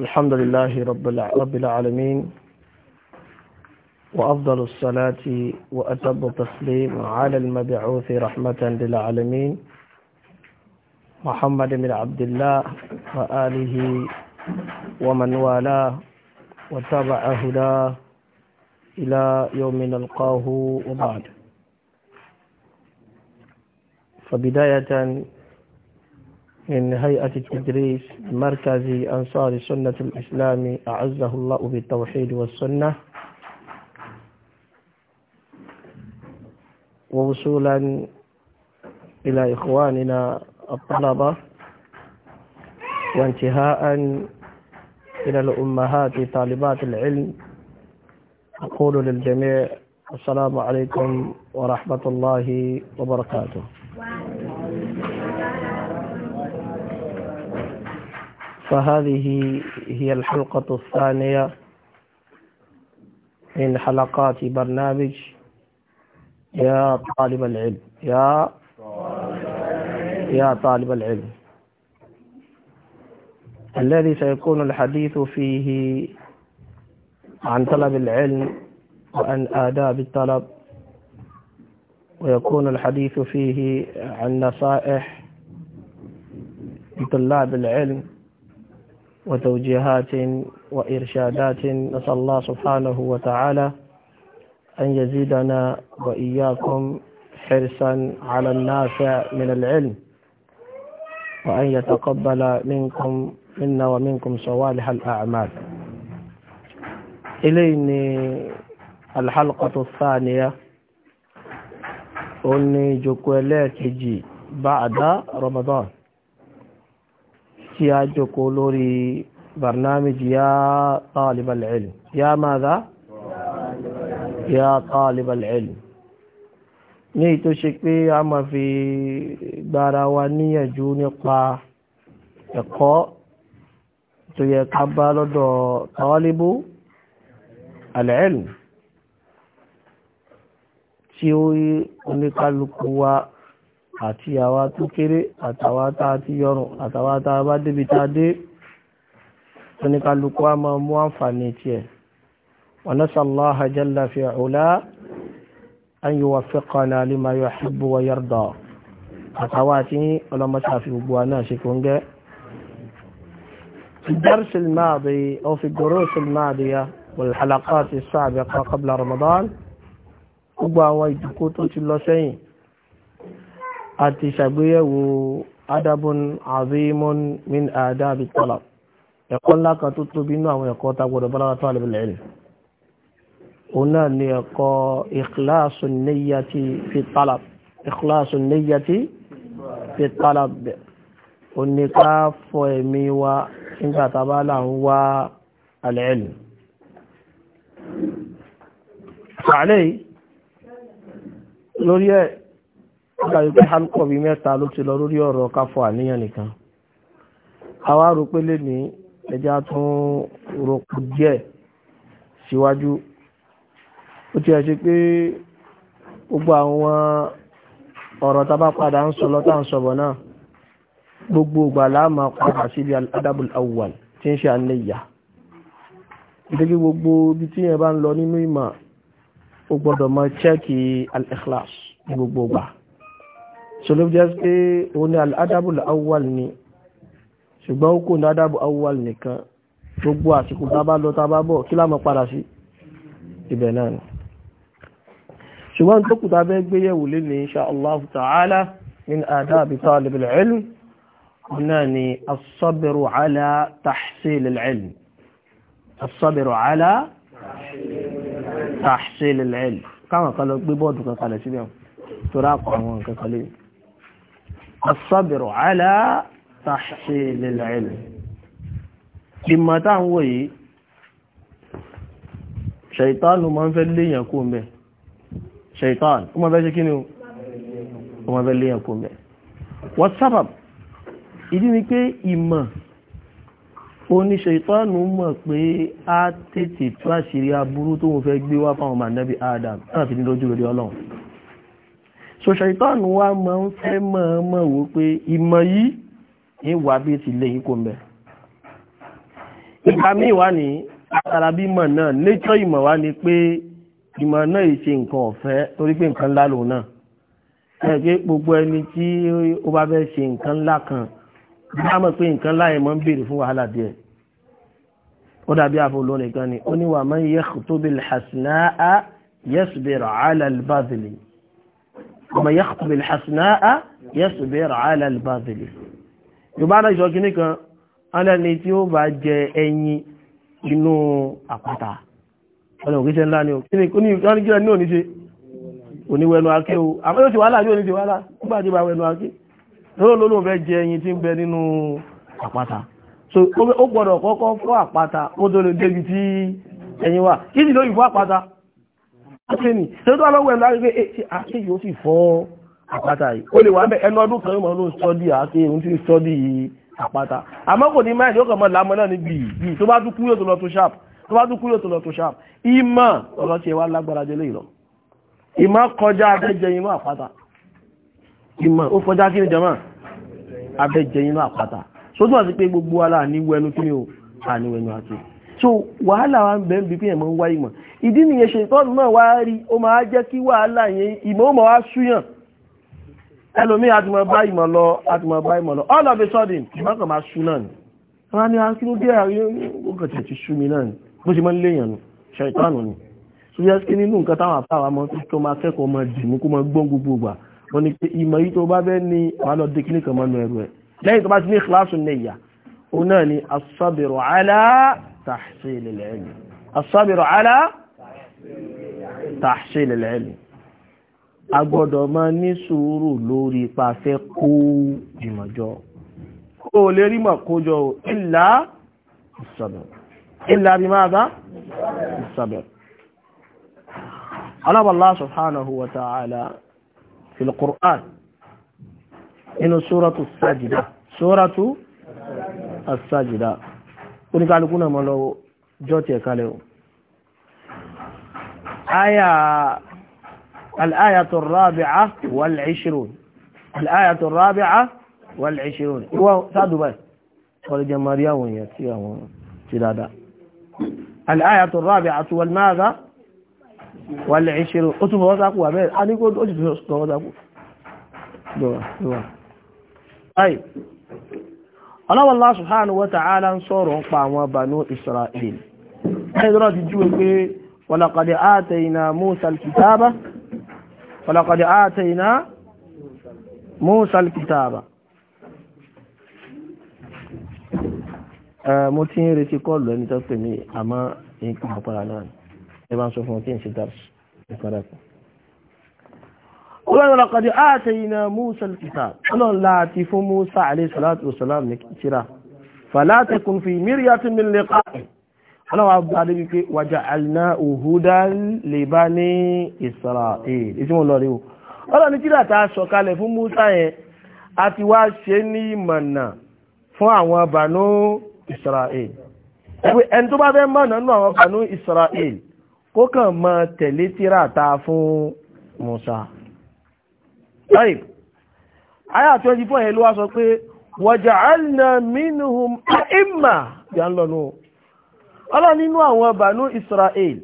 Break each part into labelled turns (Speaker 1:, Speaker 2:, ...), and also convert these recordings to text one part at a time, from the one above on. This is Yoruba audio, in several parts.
Speaker 1: الحمد لله رب العالمين وأفضل الصلاة وأتب التسليم على المبعوث رحمة للعالمين محمد بن عبد الله وآله ومن والاه وتبع هداه إلى يوم نلقاه وبعد فبداية من هيئة التدريس مركز أنصار السنة الإسلام أعزه الله بالتوحيد والسنة ووصولا إلى إخواننا الطلبة وانتهاء إلى الأمهات طالبات العلم أقول للجميع السلام عليكم ورحمة الله وبركاته فهذه هي الحلقة الثانية من حلقات برنامج يا طالب العلم يا يا طالب العلم الذي سيكون الحديث فيه عن طلب العلم وعن آداب الطلب ويكون الحديث فيه عن نصائح لطلاب العلم وتوجيهات وإرشادات نسأل الله سبحانه وتعالى أن يزيدنا وإياكم حرصا على النافع من العلم وأن يتقبل منكم منا ومنكم صوالح الأعمال إلينا الحلقة الثانية أني جكولاتي بعد رمضان tí a jòkó lórí barnámijì ya talibal ilm ya madha ya talibal ilm ní ìtò ṣe pé a ma fi gbára wa níyànjú nípa ẹ̀kọ́ tó yẹ ká bá lọ́dọ̀ talibu al tí ó oníkálukú wa àti àwa tó kéré àtàwa tá ti yọrùn àtàwa tá bá débi tá dé oníkálukú a máa mú àǹfààní tiẹ̀ wa nasallaha jalla fi ula an yuwaffiqana lima yuhibbu wa yarda àtàwa àti ọlọ́mọṣàfi gbogbo náà ṣe kò ń gẹ́ في الدرس الماضي أو في الدروس الماضية والحلقات السابقة قبل رمضان gbogbo àwọn ìdíkó tó ti lọ sẹ́yìn a ti ṣàgbéyẹ̀wò adabun azimun min adabi talab ẹ̀kọ́ ńlá kan tó tóbi inú àwọn ẹ̀kọ́ tá gbọ́dọ̀ bára tó àlẹ́bí lẹ́yìn òun náà ni ẹ̀kọ́ ikhlasun niyyati fi talab ikhlasun niyyati fi talab òun fọ ẹ̀mí wa nígbà tá ń wá àlẹ́yìn. lórí ẹ̀ gbàgbé pé halkọ̀ bíi mẹ́ta ló ti lọ lórí ọ̀rọ̀ káfọ́ àníyàn nìkan àwa rò pé lè ní ẹja tún rọpò díẹ̀ síwájú ó ti ẹ̀ ṣe pé gbogbo àwọn ọ̀rọ̀ tá bá padà ń sọ lọ́tà ń sọ̀bọ̀ náà gbogbo ìgbà la padà síbi al-adabul awwal tí ń ṣe àníyà ìdíkí gbogbo ibi tí yẹn bá ń lọ nínú ìmọ̀ ó gbọ́dọ̀ máa chẹ́ẹ̀kì al ní gbogbo ìgbà ṣòló jẹ́ pé òun ni adábù awwal ni ṣùgbọ́n ó kò ní adábù awwal nìkan gbogbo àsìkò tá bá lọ tá bá bọ̀ kí lámọ̀ padà sí ibẹ̀ náà ni ṣùgbọ́n tó kùtà bẹ́ gbéyẹ̀wò lè ní insha Allah ta'ala min adabi talib al-ilm náà ni as-sabru àwọn nǹkan kalẹ̀ asábẹ̀rọ̀ alá tàṣílẹ̀lẹ̀ ilẹ̀ ìmọ̀ tá ń wò yìí ṣaitánù ma ń fẹ́ léyàn kó mẹ́ ṣaitánù ó ma fẹ́ ṣe kí ni ó ma fẹ́ léyàn kó mẹ́ wọ́n sábàb ìdí ni pé ìmọ̀ oní ṣaitánù mọ̀ pé á tètè tó àṣírí aburú tó ń fẹ́ gbé wá fáwọn mànẹ́bí Adam náà fi ní lójú lórí ọlọ́run so ṣàìtọ́nù wa máa ń fẹ́ mọ̀ọ́mọ̀ wò pé ìmọ̀ yìí ní wà bí ti lè ikú mẹ́ ìgbà míì wá ní àtàrà bí mọ̀ náà nature ìmọ̀ wá ni pé ìmọ̀ náà ìṣe nǹkan ọ̀fẹ́ torí pé nǹkan ńlá lòun náà ẹ̀ gbogbo ẹni tí ó bá fẹ́ ṣe nǹkan ńlá kan bá mọ̀ pé nǹkan ńlá yẹn máa ń béèrè fún wàhálà díẹ̀ ó dàbí àfọ ni ó ní wa man yakhtubil ومن يخطب الحسناء يصبر على الباطل Yorùbá náà ìṣọ́ kìíní kan alẹ́ni tí ó bá jẹ ẹyin inú àpáta ọ̀nà òkúṣẹ́ ńlá ni ó kí ni kí ni òní ṣe oníwẹ̀nu akẹ́ o àmọ́ yóò ti wàhálà yóò ní ti wàhálà nígbà tí ó bá wẹ̀nu akẹ́ lọ́rọ̀ lọ́rọ̀ fẹ́ jẹ ẹyin kíni tó tó lọ́wọ́ ẹ̀ láti pé eh, ṣe àṣẹ ah, yóò sì fọ́ àpáta yìí ó lè wà bẹ́ẹ̀ ẹnu ọdún kan mọ̀ ló ń sọ́dí ah, àṣẹ òun ti ń sọ́dí àpáta àmọ́ kò ní máìlì ó kàn mọ́ lámọ́ náà níbi yìí tó bá tún kúrò tó lọ tó sharp tó bá tún kúrò tó lọ tó sharp ìmọ̀ ọ̀rọ̀ tiẹ̀ wá lágbára jẹ́ lè lọ ìmọ̀ kọjá abẹ́jẹ inú àpáta ìmọ̀ ó kọjá kí ni jama abẹ́jẹ inú àpáta sótú àti pé gbogbo wa láà ní wẹnu kí ni o àníwẹnu àti so wàhálà wa ń bẹ̀ ń bí pé ẹ̀mọ́ ń wá ìmọ̀ ìdí nìyẹn ṣètọ́nù náà wá rí ó máa jẹ́ kí wàhálà yẹn ìmọ̀ ó wá súyàn ẹlòmí àtìmọ̀ bá ìmọ̀ lọ àtìmọ̀ bá ìmọ̀ lọ all of a sudden ìmọ̀ kan máa sú náà ni wọ́n ní akínú ah, díẹ̀ àríwọ̀kàn tẹ̀ ti sú mi náà ni bó ṣe máa ń léèyàn nù ni so yẹ kí nínú nǹkan táwọn àfáwà mọ́ tó máa kẹ́kọ̀ọ́ máa dì kó máa gbọ́n gbogbo ìgbà wọ́n ní pé ìmọ̀ yìí tó bá bẹ́ ní wàá lọ dé kíní kan ẹrù ẹ̀ lẹ́yìn tó bá ti ní ìkíláàsù nìyà òun تحصيل العلم الصبر على تحصيل العلم agbọ́dọ̀ máa ní sùúrù lórí pàfẹ́ kó jìmọ̀jọ́ kó lè rí mọ̀ kójọ ìlà ìsọ̀bẹ̀ ìlà bí máa bá ìsọ̀bẹ̀ alábàlá subhanahu wa ta'ala fil Qur'an inú sóràtù as-sajida sóràtù oníkálukú náà mọ́ lọ́wọ́ jọ́ tiẹ̀ kalẹ̀ o. aya al-ayatu ar-rabi'a wal-'ishrun al-ayatu ar-rabi'a wal-'ishrun ìwọ sáàdùbà kọ́lé jẹ́ maria àwọn èèyàn tí àwọn ti dáadáa. al-ayatu ar-rabi'a wal-madha wal-'ishrun ó tún fọwọ́ sáku àbẹ́ a ó sì fọwọ́ sáku. Allah subhanahu wa ta'ala ń sọ̀rọ̀ pa àwọn Banu Israel ẹ̀dọ́rọ̀ ti jú pé wa laqad atayna Musa al-kitaba wa laqad atayna Musa al-kitaba mo ti ń retí kọlù ẹni tó pè mí àmọ́ nǹkan náà ẹ ọlọ́run lọ́kọ̀dí àtẹ̀yìnà musa kìtà ọlọ́run láti fún musa aleyhisalatu wasalam ní kíra fàlátẹ̀kùn fi mírìyàtí mi lè ká ọlọ́wà bá dé wípé wàjà àlìná òhúdá lè bá ní israel ètí wọn lọ rí o ọlọ́run kó kàn máa tẹ̀lé tíra ta fún musa طيب آية 24 yẹn ló wá وجعلنا منهم أئمة yà ń lọ nù ọlọ́run nínú àwọn Banu Israel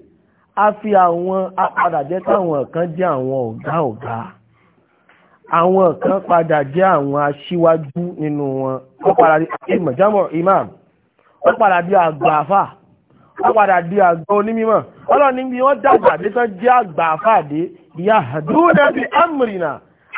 Speaker 1: a fi àwọn apadà jẹ́ táwọn kan jẹ́ àwọn ọ̀gá ọ̀gá àwọn kan padà jẹ́ àwọn aṣíwájú nínú wọn wọ́n padà di imam jamor imam wọ́n padà di àgbà àfà wọ́n padà di àgbà onímọ̀ ọlọ́run níbi wọ́n dàgbà dé tán jẹ́ àgbà àfà dé yahduna bi amrina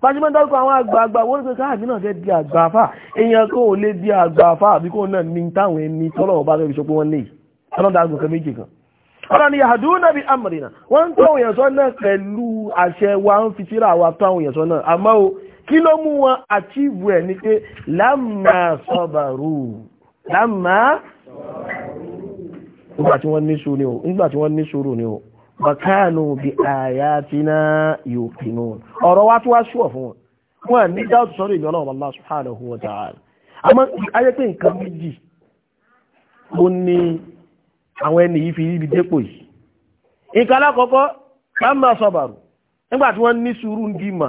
Speaker 1: fásitì dárúkọ àwọn àgbààgbà wọ́n pé káàmì náà fẹ́ di àgbààfà èèyàn kó o lè di àgbààfà àbí kó náà ní táwọn ẹni tọ́lọ̀ ọba fẹ́ fi sọ pé wọ́n lè ọlọ́dà àgùn kan méjì kan ọ̀rọ̀ ni yàdúnà bí amrina wọ́n ń tọ́ òyìnbó náà pẹ̀lú àṣẹ wa ń fi síra àwa tọ́ àwọn òyìnbó náà àmọ́ o kí ló mú wọn àtìvù ẹ̀ ni pé lámà sọ́bàrù lámà nígbà tí wọ́n ní sùúrù ni o bàkánù bí àyà tí náà yóò pinnu ọ̀rọ̀ wa tó wá ṣúọ̀ fún wọn wọn ní dáàtù sọ́rọ̀ ìjọ náà Allah subhanahu wa ta'ala àmọ́ ayé pé nǹkan méjì ó ní àwọn ẹni yìí fi ibi dépò yìí nǹkan alákọ̀ọ́kọ́ bá máa sọ̀bàrù nígbà tí wọ́n ní sùúrù ń di mà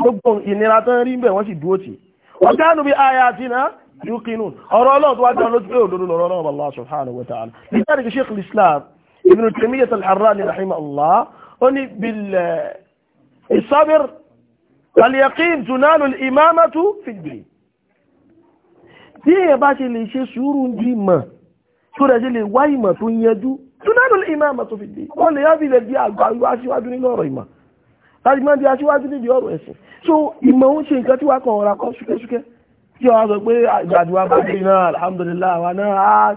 Speaker 1: gbogbo ìnira tó ń rí bẹ̀ wọ́n sì dúró tì ọ̀gá bí àyà tí náà yóò pinnu ọ̀rọ̀ ọlọ́run tó wá jẹun lójú lọ́rọ̀ náà Allah subhanahu wa ta'ala Ibn Taymiyyah al-Harrani rahimahullah ó ní bilẹ̀ ìsọ́bìr eh, al-yaqin tunalu al-imamatu fìdí tí èyàn bá ṣe lè ṣe sùúrù di mọ̀ tó rẹ̀ ṣe lè wá ìmọ̀ tó yanjú tunalu al-imamatu fìdí wọ́n lè yá bí lè di àgbà aṣíwájú nínú ọ̀rọ̀ ìmọ̀ láti máa di aṣíwájú níbi ọ̀rọ̀ ẹ̀sìn so ìmọ̀ ń ṣe nǹkan tí wàá kàn ọ̀rà kan ṣúkẹ́ṣúkẹ́ tí wọ́n sọ pé ìgbàdùn wa bá dé náà alhamdulillah wa náà ah,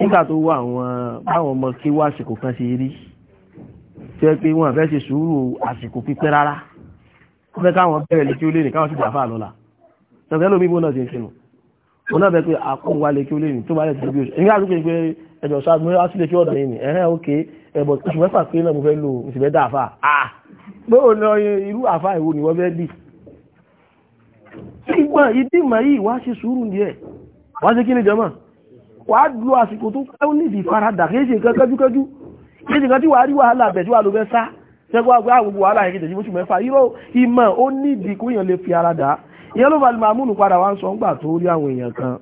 Speaker 1: nígbà tó wà àwọn báwọn ọmọ kí wá àsìkò kan ṣe rí tí ó pé wọ́n fẹ́ ṣe sùúrù àsìkò pípẹ́ rárá wọ́n fẹ́ káwọn bẹ̀rẹ̀ lè kí ó lè ní káwọn sì gbàfà lọ́la ṣọ̀fẹ́ lómi bó náà ti ń sinú wọn náà bẹ pé àkóhùn wa lè kí ó lè ní ni ẹ̀hẹ́ òkè ah bóò lọ irú àfà ìwo ni wọ́n fẹ́ dì ṣùgbọ́n ìdí màá yìí wá ṣe sùúrù díẹ̀ ṣe kí ni jọmọ́ wàá lo àsìkò tó pẹ́ ó ní ìdí ìfaradà kìí ṣe nǹkan kẹjúkẹjú kìí ṣe nǹkan tí wàá rí wàhálà àbẹ̀jú wà ló fẹ́ sá ṣẹ́gbọ́n àgbẹ̀ àgbogbo wàhálà yẹn kìí ṣe oṣù mẹ́fà irọ́ ìmọ̀ ó ní ìdí kó yàn lè fi ara dà ìyẹn ló fà lè máa múnú padà wá ń sọ ńgbà tó rí àwọn èèyàn kan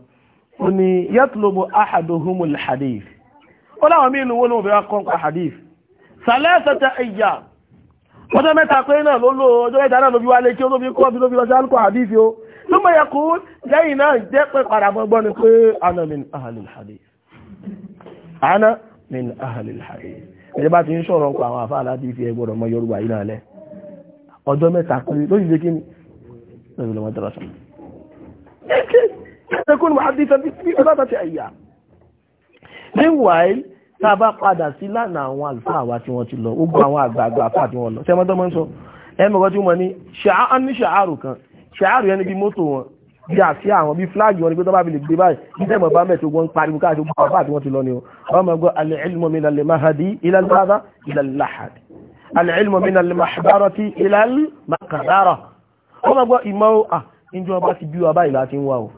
Speaker 1: ó ní yatlubu ahaduhumul hadith ó láwọn míì lówó lóun fẹ́ wá kọ́ nípa hadith sàlẹ́sẹ̀tẹ̀ ìyà ọjọ́ mẹ́ta pé náà ló lò ọjọ́ mẹ́ta náà ló fi wá lé kí ó ló fi kọ́ bí ló fi lọ sí alukọ̀ hadith o tó mọ̀ yẹkú lẹ́yìn náà jẹ́ pé padàbọ̀ gbọ́ ni pé ana min ahalil hadith ana min ahalil hadith ẹ̀jẹ̀ bá ti ń sọ̀rọ̀ pa àwọn àfáà láti fi ẹgbọ́dọ̀ mọ yorùbá yìí náà lẹ ọjọ́ meanwhile tá a bá padà sí lánàá àwọn àlùfáà wa tí wọ́n ti lọ ó gbọ́ àwọn àgbààgbà àfáà tí wọ́n ṣáàrù yẹn níbi mọ́tò wọn bí àfi àwọn bí flag wọn ni pé tó bá fi lè gbé báyìí nígbà ìmọ̀ bá mẹ́ tó gbọ́n pariwo káàkiri gbọ́n bàbá àti wọn ti lọ ni o ọmọ ẹgbẹ́ al-ilmu min al-mahdi ila al-mahdi ila al-lahad al-ilmu min al ọmọ ẹgbẹ́ ìmọ̀ ìjọba ti bí wa báyìí láti ń wá o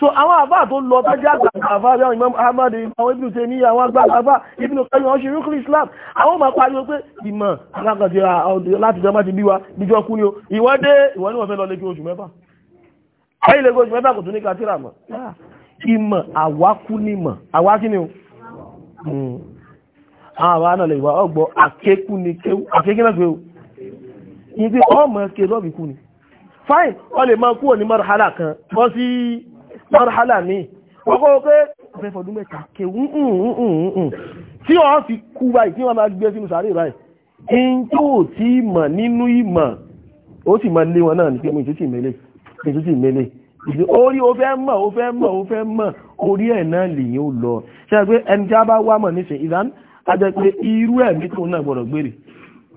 Speaker 1: so àwọn àfá tó lọ tó jẹ́ àgbàgbà àwọn Imam Ahmad àwọn Ibn Taymiyyah àwọn àgbàgbà Ibn Qayyim àwọn ṣeré kìrì Islam àwọn ọmọ pariwo pé ìmọ̀ alákàtí láti jẹ́ máti bí wa níjọ́ kú ni o ìwọ́n dé ìwọ́n ní wọ́n fẹ́ lọ lékè oṣù mẹ́fà ayé lékè oṣù mẹ́fà kò tún ní kátírà mọ̀ ìmọ̀ àwákú ni mọ̀ àwá kí ni o hmm. àwọn àna lè wà ọgbọ akékú ni kéwú akékú náà kéwú ìdí ọmọ kéwú ọbìkú ni fine ọ lè máa kúrò ní mọ́rọ̀ hálà kan bọ́ sí marhala mi ọkọ̀ pé ọ̀fẹ́ fọdún mẹ́ta kéwú tí wọ́n fi kú báyìí tí wọ́n máa gbé sínú sàárè báyìí kí n tó tí mọ̀ nínú ìmọ̀ ó sì máa lé wọn náà ní pé mi ìtútì mẹ́lẹ̀ ìtútì mẹ́lẹ̀ orí o fẹ́ mọ̀ o fẹ́ mọ̀ o fẹ́ mọ̀ orí ẹ̀ náà lèyìn ó lọ ṣe pé ẹni tí a bá wá mọ̀ níṣẹ́ ìdán a jẹ́ pé irú ẹ̀mí tó náà gbọ́dọ̀ gbére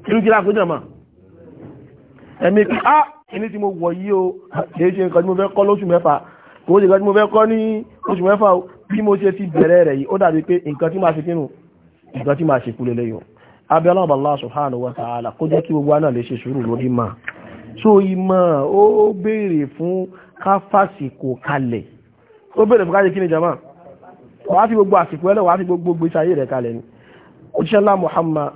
Speaker 1: irú kí lákòójọ mọ̀ ẹ̀mí pé ah ẹni tí mo wọ̀ yí o kì í ṣe nǹkan tí mo fẹ́ kọ́ lóṣù mẹ́fà kò sí nǹkan tí mo fẹ́ kọ́ ní oṣù mẹ́fà bí mo ṣe ti bẹ̀rẹ̀ rẹ̀ yìí ó dàbí pé nǹkan tí máa ṣe kínú nǹkan tí máa ṣe kú lélẹ́yìn abẹ́ wa ta'ala kó jẹ́ kí gbogbo wa náà lè ṣe sùúrù lórí mà so ìmọ̀ ó béèrè fún káfàsìkò kalẹ̀ ó béèrè fún káyé kí Muhammad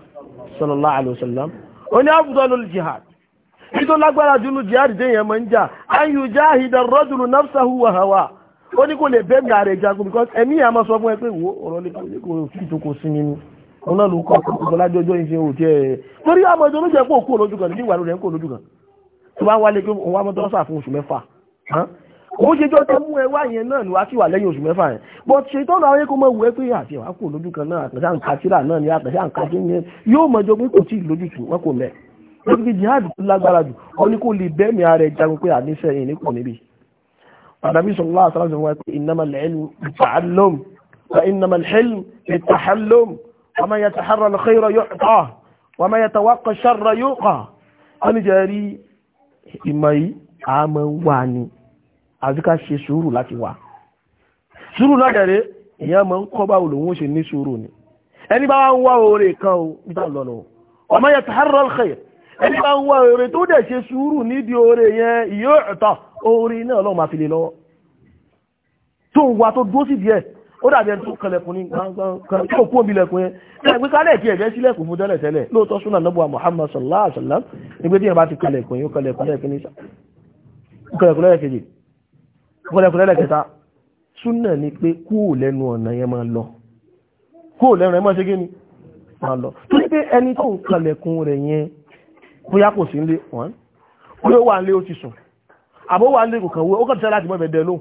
Speaker 1: sallallahu alayhi wa sallam ó jihad ní tó lágbára jùlọ jihad déyàn mọ́ ń jà ayu jahida rọ́jùlù nafsahu wa hawa ó ní kò lè bẹ́ẹ̀ mi ààrẹ jagun because ẹ̀mí yà máa sọ fún ẹ pé wo ọ̀rọ̀ lè kò sí ìtòkò sí mi ni òun náà ló kọ́ ọ̀pọ̀ lájọjọ́ ìṣe òjì ẹ̀ torí àmọ́ ìjọ ló jẹ́ pé òkú olójú kan ní ìwà rẹ̀ ń kó olójú kan tó bá wálé pé òun wá mọ́tọ́sà fún oṣù mẹ́fà òun ṣe jọ́ tẹ́ mú ẹ wá yẹn náà ni wá sí wà lẹ́yìn oṣù mẹ́fà yẹn but ṣètọ́nù àwọn ẹ̀kọ́ mọ̀ wù ẹ́ pé àti ẹ̀wà kò lójú kan náà àtẹ̀sà ń kásílà náà ni àtẹ̀sà ń kásí yẹn yóò mọ̀jọ pé kò tí ì lójú tù wọ́n kò mẹ́ lórí bí jihad tó lágbára jù ó ní kó lè bẹ́ẹ̀mì ara ẹ̀ jagun pé àníṣe ẹ̀yìn nípò níbi àdàbí sọ̀rọ̀ àṣàrà sọ̀rọ̀ pé innamal ilmu ta'allum wa innamal hilmu ta'allum wa man yataharra al-khayra yu'ta wa man yatawaqqa ash-sharra yuqa wọ́n ní jẹ́rí ìmọ̀ yìí a mọ̀ ń wà ní àzíká ṣe sùúrù láti wà sùúrù náà dẹ̀rẹ́ èèyàn mọ̀ ń kọ́ bá olùwọ́n ṣe ní sùúrù ni ẹni bá wá ń wá oore kan o níta lọ́nà o ẹni bá ń wá oore tó dẹ̀ ṣe sùúrù nídìí oore yẹn ìyó ẹ̀tọ́ oore náà lọ́wọ́ máa fi lè lọ́wọ́ tó ń wa tó dúró sí díẹ̀ ó dàbí ẹni tó kẹlẹ̀kùn ní gbangban tó Muhammad sallallahu alaihi wasallam nígbé tí yẹn bá ti kẹlẹ̀kùn yóò kẹlẹ̀kùn lẹ́ẹ̀kì ni pé kúò lẹ́nu ọ̀nà yẹn máa lọ kúò lẹ́nu ẹ̀ máa ṣe kí ni máa lọ torí pé ẹni tó ń kẹlẹ̀kùn rẹ̀ yẹn bóyá kò sí nílé wọ́n bóyá wà nílé ó ti sùn àbó wà nílé kò kàn ó kàn tẹ́ láti mọ́ ìbẹ̀dẹ̀ ló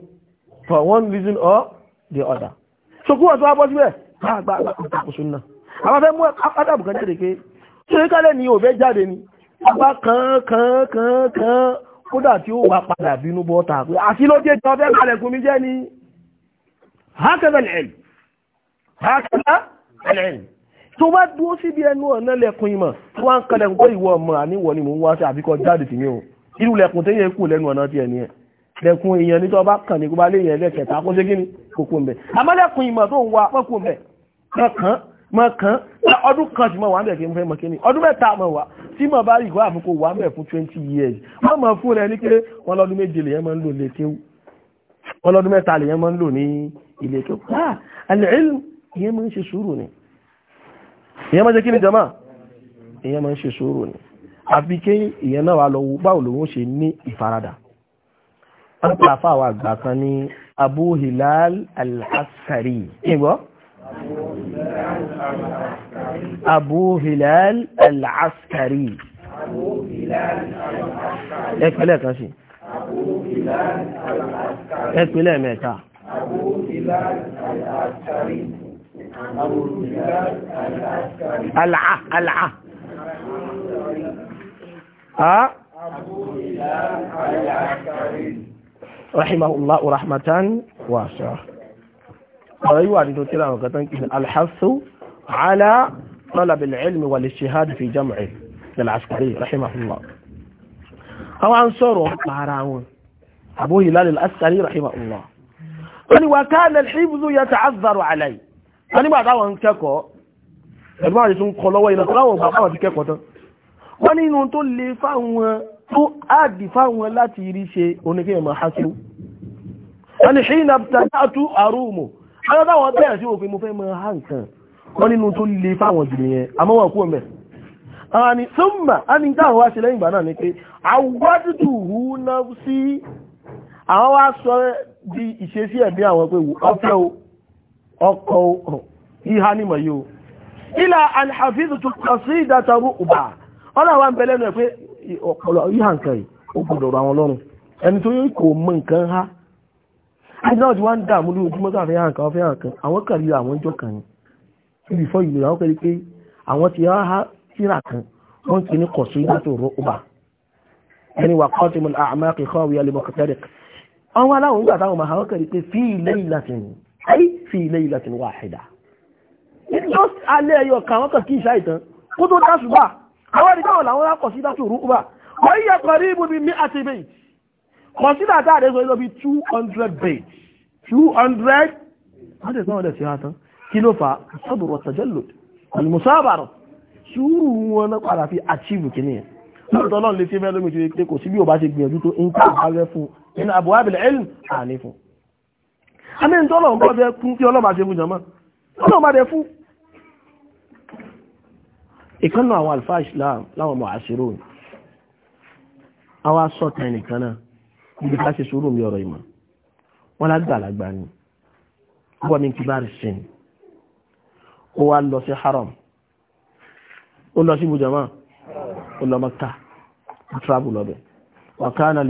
Speaker 1: for one reason or the other so kí wọ́n tó wá bọ́ síbẹ̀ gbàgbà kò sún náà àwọn fẹ́ mú ádàbù kan jáde pé ṣé kálẹ̀ ni ò fẹ́ jáde ni apá kan kan kan kan kódà tí ó wà padà bínú bọ́ ta pé àti ló dé tán fẹ́ kalẹ̀ kún mi jẹ́ ni hákẹ́lẹ̀ ẹ̀lì hákẹ́lẹ̀ ẹ̀lì tó bá dúró síbi ẹnu ọ̀nà lẹ́kùn ìmọ̀ tó wá ń kalẹ̀ kó ìwọ ọmọ àníwọ̀ ni mò ń wá sí àbíkọ jáde tì mí o irú lẹ́kùn tó yẹ kú lẹ́nu ọ̀nà tiẹ̀ ni ẹ̀ lẹ́kùn èèyàn ní tó bá kàn ní kó bá lé èèyàn lẹ́kẹ̀ẹ́ta kó ṣe kí ni kókó mbẹ̀ àmọ́ lẹ́kùn ìmọ̀ tó ń wa pọ́kó mbẹ̀ kankan mọ̀kan ọdún kan tí mọ̀ wà ń bẹ̀ kí n fẹ́ mọ̀ kí ni ọdún mẹ́ta mọ̀ wà tí mọ̀ bá rí ìgbọ́ àfikò wà ń bẹ̀ fún twenty years wọ́n mọ̀ fún rẹ ní pé wọ́n lọ́dún méje lèyẹn máa ń lò lè kéwú wọ́n lọ́dún mẹ́ta lèyẹn máa ń lò ní ilé kéwú. àlẹ́ ah, ìlú ìyẹn máa ń ṣe sùúrù ni ìyẹn máa jẹ́ kí ni jama ìyẹn máa ń ṣe sùúrù ni àfi kí ìyẹn náà wà lọ báwo lòun ṣe ní ìfaradà wọ́n pa fáwọn àgbà kan ní Abu Hilal al-Askari ìgbọ́ Abu Hilal al-Askari ẹ̀pẹ̀lẹ̀ kan sí ẹ̀pẹ̀lẹ̀ mẹ́ta Abu Hilal al-Askari
Speaker 2: أبو هلال
Speaker 1: العه العه أه؟ أبو
Speaker 2: هلال العسكري
Speaker 1: رحمه الله رحمة واسعة ويوان تترى وقتنكي الحث على طلب العلم والاجتهاد في جمعه للعسكري رحمه الله أو أنصره معراون أبو هلال العسكري رحمه الله وكان الحفظ يتعذر عليه a nígbà táwọn ń kẹ́kọ̀ọ́ ẹ̀dùn àti tún kọ lọ́wọ́ ìlànà láwọn ògbà táwọn ti kẹ́kọ̀ọ́ tán wọ́n nínú tó le fáwọn tó áàdì fáwọn láti rí ṣe oníkẹ́ ìmọ̀ hasiru wọ́n ni ṣíyìn àbútàtù àrùmù aláwọ̀ bẹ̀rẹ̀ sí òfin mo fẹ́ mọ ha nǹkan wọ́n nínú tó le àwọn wá sọ di ìṣesí ẹ̀mí àwọn pé ọ̀fẹ́ o ọkọ̀ ìhá nímọ̀ yóò ilá alhafizù tó kọ̀ sí ìdátarú ọba ọlọ́wà ń bẹ lẹ́nu ẹ̀ pé ọ̀pọ̀lọ̀ ìhà nǹkan yìí ó gbọ́dọ̀ ra wọn lọ́rùn ẹni tó yóò kò mọ nǹkan ha àìsàn ti wá ń dààmú lórí ojúmọ́ sáà fẹ́ràn kan fẹ́ràn kan àwọn kan ti há síra kan wọ́n ti ní kọ̀ sí ìdátarú ọba ẹni wà kọ́ ti mọ̀ àmọ́ kẹ́kọ́ wíyá lè ayé fi laylatin wahida just alẹ́ ẹyọ kan wọ́n kàn kí ìṣá ìtàn kó tó dáṣù bá àwọn ẹni táwọn làwọn lákọ̀ sí dáṣù rú bá wọ́n yẹ pẹ̀lú ibùdó mi àti bẹ́ẹ̀ consider that as well be two hundred beds two hundred hundred náà lè ṣe wá tán kí ló fà sọ́dọ̀ rọ̀ tẹ̀jẹ́lò fi achieve kìíní yẹn lóòótọ́ náà lè ṣe fẹ́ lómi ṣe pé kò sí bí ò bá ṣe gbìyànjú tó ń kí ò bá fún nínú àbúwá ẹ̀lù àní fún àmì ìtọ́lọ̀ ń kọ́ bẹ kún kí ọlọ́mà ṣe fún jọmọ́ ọlọ́mà dẹ fún ìkànnà àwọn alfa islam láwọn ọmọ àṣírò àwọn asọ́ta ẹnìkan náà níbi ká ṣe sùúrù mi ọ̀rọ̀ ìmọ̀ wọn lágbàlagbà ni wọ́n ní kíbárì sin ó sí haram ó lọ sí bùjọ́mọ́ ó lọ mọ́ta ó tíráàbù lọ́bẹ̀ wàkánà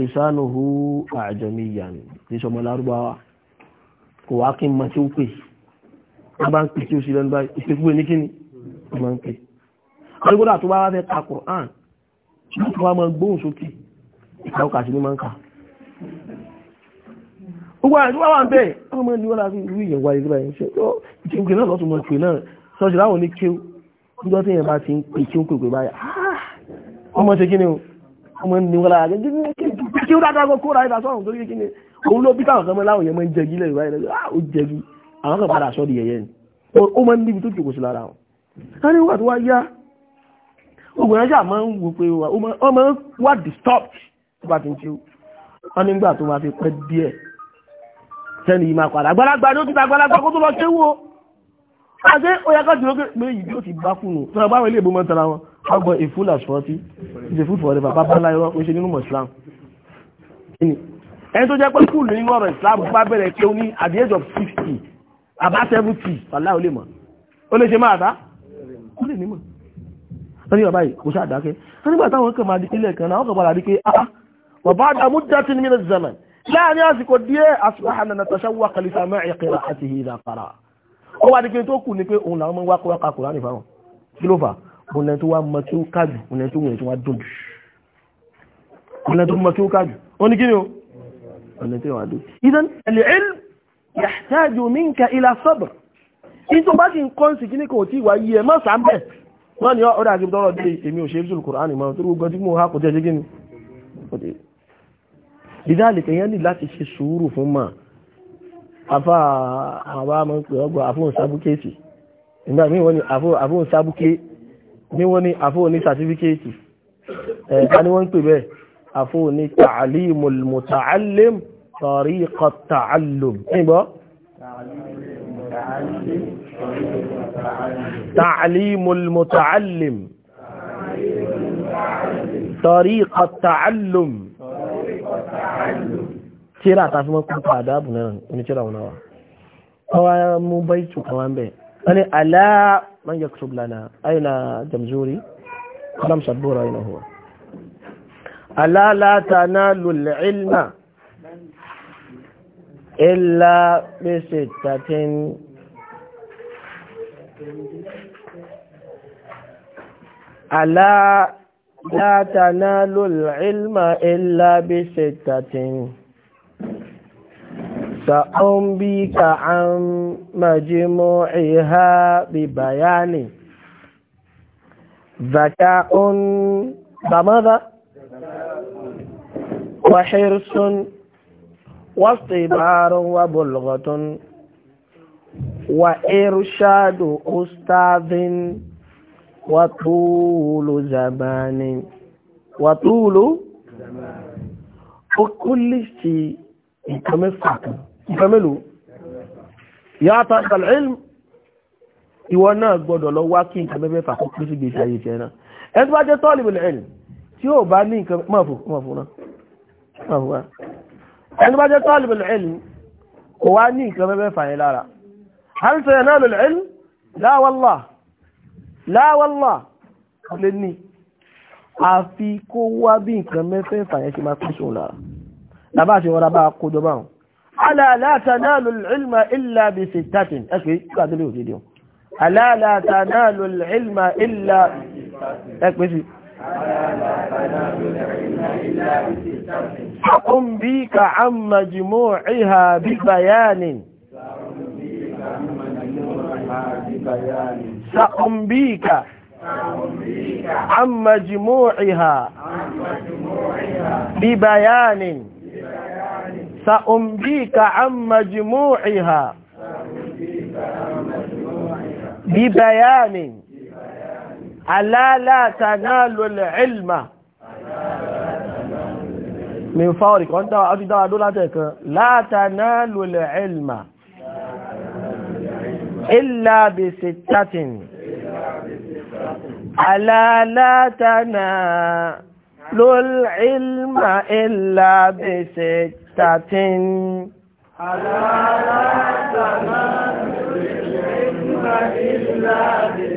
Speaker 1: kò wá kí n mọ tí ó pè wọ́n bá ń pè tí ó sì lọ́nà báyìí ìpèkúwé ní kíni wọ́n máa ń pè ọdúnkọ́dà tó bá wá fẹ́ ka Qur'an tó wá máa gbóhùn sókè ìkàwọ́ kà sí ní máa ń kà gbogbo àwọn ìdúwà wà ń bẹ̀ wọ́n máa ní wọ́n láti irú ìyẹn wáyé nígbà yẹn ṣe ìkéwùké náà lọ́tún mọ̀ pé náà sọ́ọ̀ṣì láwọn ní kéw nígbà tí yẹn bá ti ń pè kí ó pè pé báyà wọ́n mọ̀ ṣe kí ni o wọ́n mọ̀ ní wọ́n lára kí ó dáadáa kó kó ra ìdásọ́rùn torí kí ni òun ló bí táwọn kan mọ́ láwọn yẹn mọ́ ń jẹgi lẹ́yìn báyìí lẹ́yìn ah, ó jẹgi àwọn kan padà sọ́ọ̀dì yẹ̀yẹ́ ni ó máa níbi tó jòkó sí lára wọn. a ní wà tó wá yá ogun ẹja máa ń wò pé ó máa ń wá disturbed tó bá ti ń ṣe wọn nígbà tó máa fi pẹ́ díẹ̀ sẹ́ni yìí máa padà àgbàlagbà ni ó ti ta àgbàlagbà kó tó lọ ṣéwó àti ó yẹ ká jùlọ pé méjì yóò ti bá fún un sọ̀rọ̀ báwọn ilé wọn agbọn a fool as forty is a fool forever bàbá ńlá irọ́ kò ṣe nínú ẹni tó jẹ́ pé kúlù nínú ọ̀rọ̀ islam bá bẹ̀rẹ̀ pé ó ní at the age of sixty àbá seventy wàlá ó lè mọ̀ ó lè ṣe máa bá ó lè nímọ̀ lórí bàbá yìí kò sáàdáké nígbà táwọn kan máa di ilé kan náà wọ́n padà di pé ah bàbá àdàmú dátì ní mílẹ̀ zaman láàrin àsìkò díẹ̀ asùnwáhàn ó ní kí ni o ọ̀nà tí wọ́n adó idan al-ilm yahtaju minka ila sabr in tó bá ti ń kọ́ sí kíní kò tí wà yí ẹ mọ́ sàmbẹ̀ wọ́n ni ọ̀rọ̀ àti ìbùdọ́rọ̀ dé èmi ò ṣe rí Kùránì mọ́ tó gbogbo tí mo ha kò jẹ́ kíní ìdálẹ̀kẹ̀ yẹn ní láti ṣe sùúrù fún mà afá àwọn àmọ́ pé ọgbà àfóhùn sábúkéètì ìgbà míì wọ́n ni àfóhùn sábúké ní wọ́n ni àfóhùn ní sàtífíkéètì ẹ̀ka ni wọ́n àfóò ní ta'alimul muta'allim tariqa ta'allum nígbọ́ ta'alimul muta'allim tariqa ta'allum tíra àtàfí mọ́ kúrò àdáàbù náà onítíra wọn náà kọwa mú báyìí tún kọwa ń bẹ̀ wani alá man yaktub lana aina jamzuri kalam sabbura aina huwa ألا لا تنالوا العلم إلا بستة ألا لا تنالوا العلم إلا بستة سأنبيك عن مجموعها ببيان ذكاء فماذا؟ وحرص واصطبار وبلغة وإرشاد أستاذ وطول زمان وطول وكل شيء يكمل فاكر يكملوا يعطى العلم ìwọ náà gbọdọ̀ lọ wá kí nǹkan mẹ́fẹ́fà kó kí sí gbèsè ayé tẹ́ náà ẹni bá jẹ́ tọ́lìbìlì ẹ̀lì tí ó bá ní nǹkan mọ́fù náà ọ̀wọ́ ẹni bá jẹ́ tọ́lù ìlú kò wá ní nǹkan mẹ́fẹ́ fàyẹ lára hal sayanalu al-ilm la wallah la wallah lè ní àfi kó wá bí nǹkan mẹ́fẹ́ fàyẹ ṣe máa kúṣùn lára lábá ṣe wọ́n rábá kójọ bá wọn فقم بك عن مجموعها ببيان سأم بك عن مجموعها ببيان سأنبيك عن مجموعها ببيان ألا لا تنالوا العلم من فورك وانت أبي دعا دولتك لا تنالوا العلم إلا بستة ألا لا تنالوا العلم إلا بستة
Speaker 2: ألا لا تنالوا العلم إلا بستة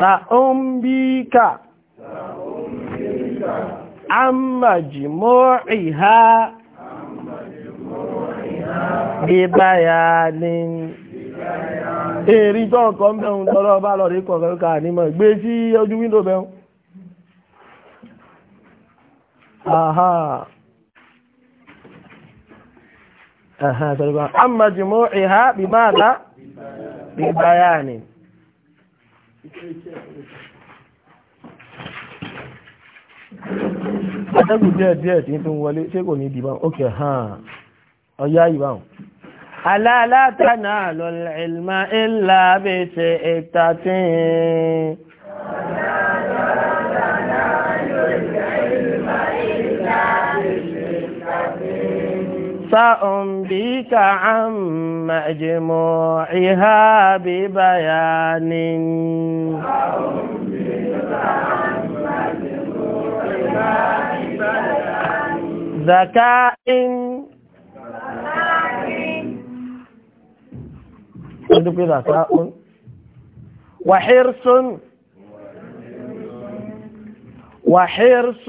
Speaker 1: سأنبيك عن مجموعها ببيان èrí tó ọkọ̀ mẹ́un tọ́rọ bá lọ rí kọ̀ọ̀kọ̀ọ̀kọ̀ ànímọ̀ gbé sí ojú wíńdò mẹ́un àhá ẹ̀hẹ́ sọ́rọ̀ bá amma jùmọ́ ìhá bí atẹ́gùn díẹ̀ díẹ̀ tí tún wọlé ṣé kò ní ìdìbọn ókè hàn ọ̀yá ìbáhùn. alálátà náà lọ́lẹ̀ ìlmà ìlà bẹ́ẹ̀ سأنبيك عن مجموعها ببيان ذكاء ذكاء وحرص وحرص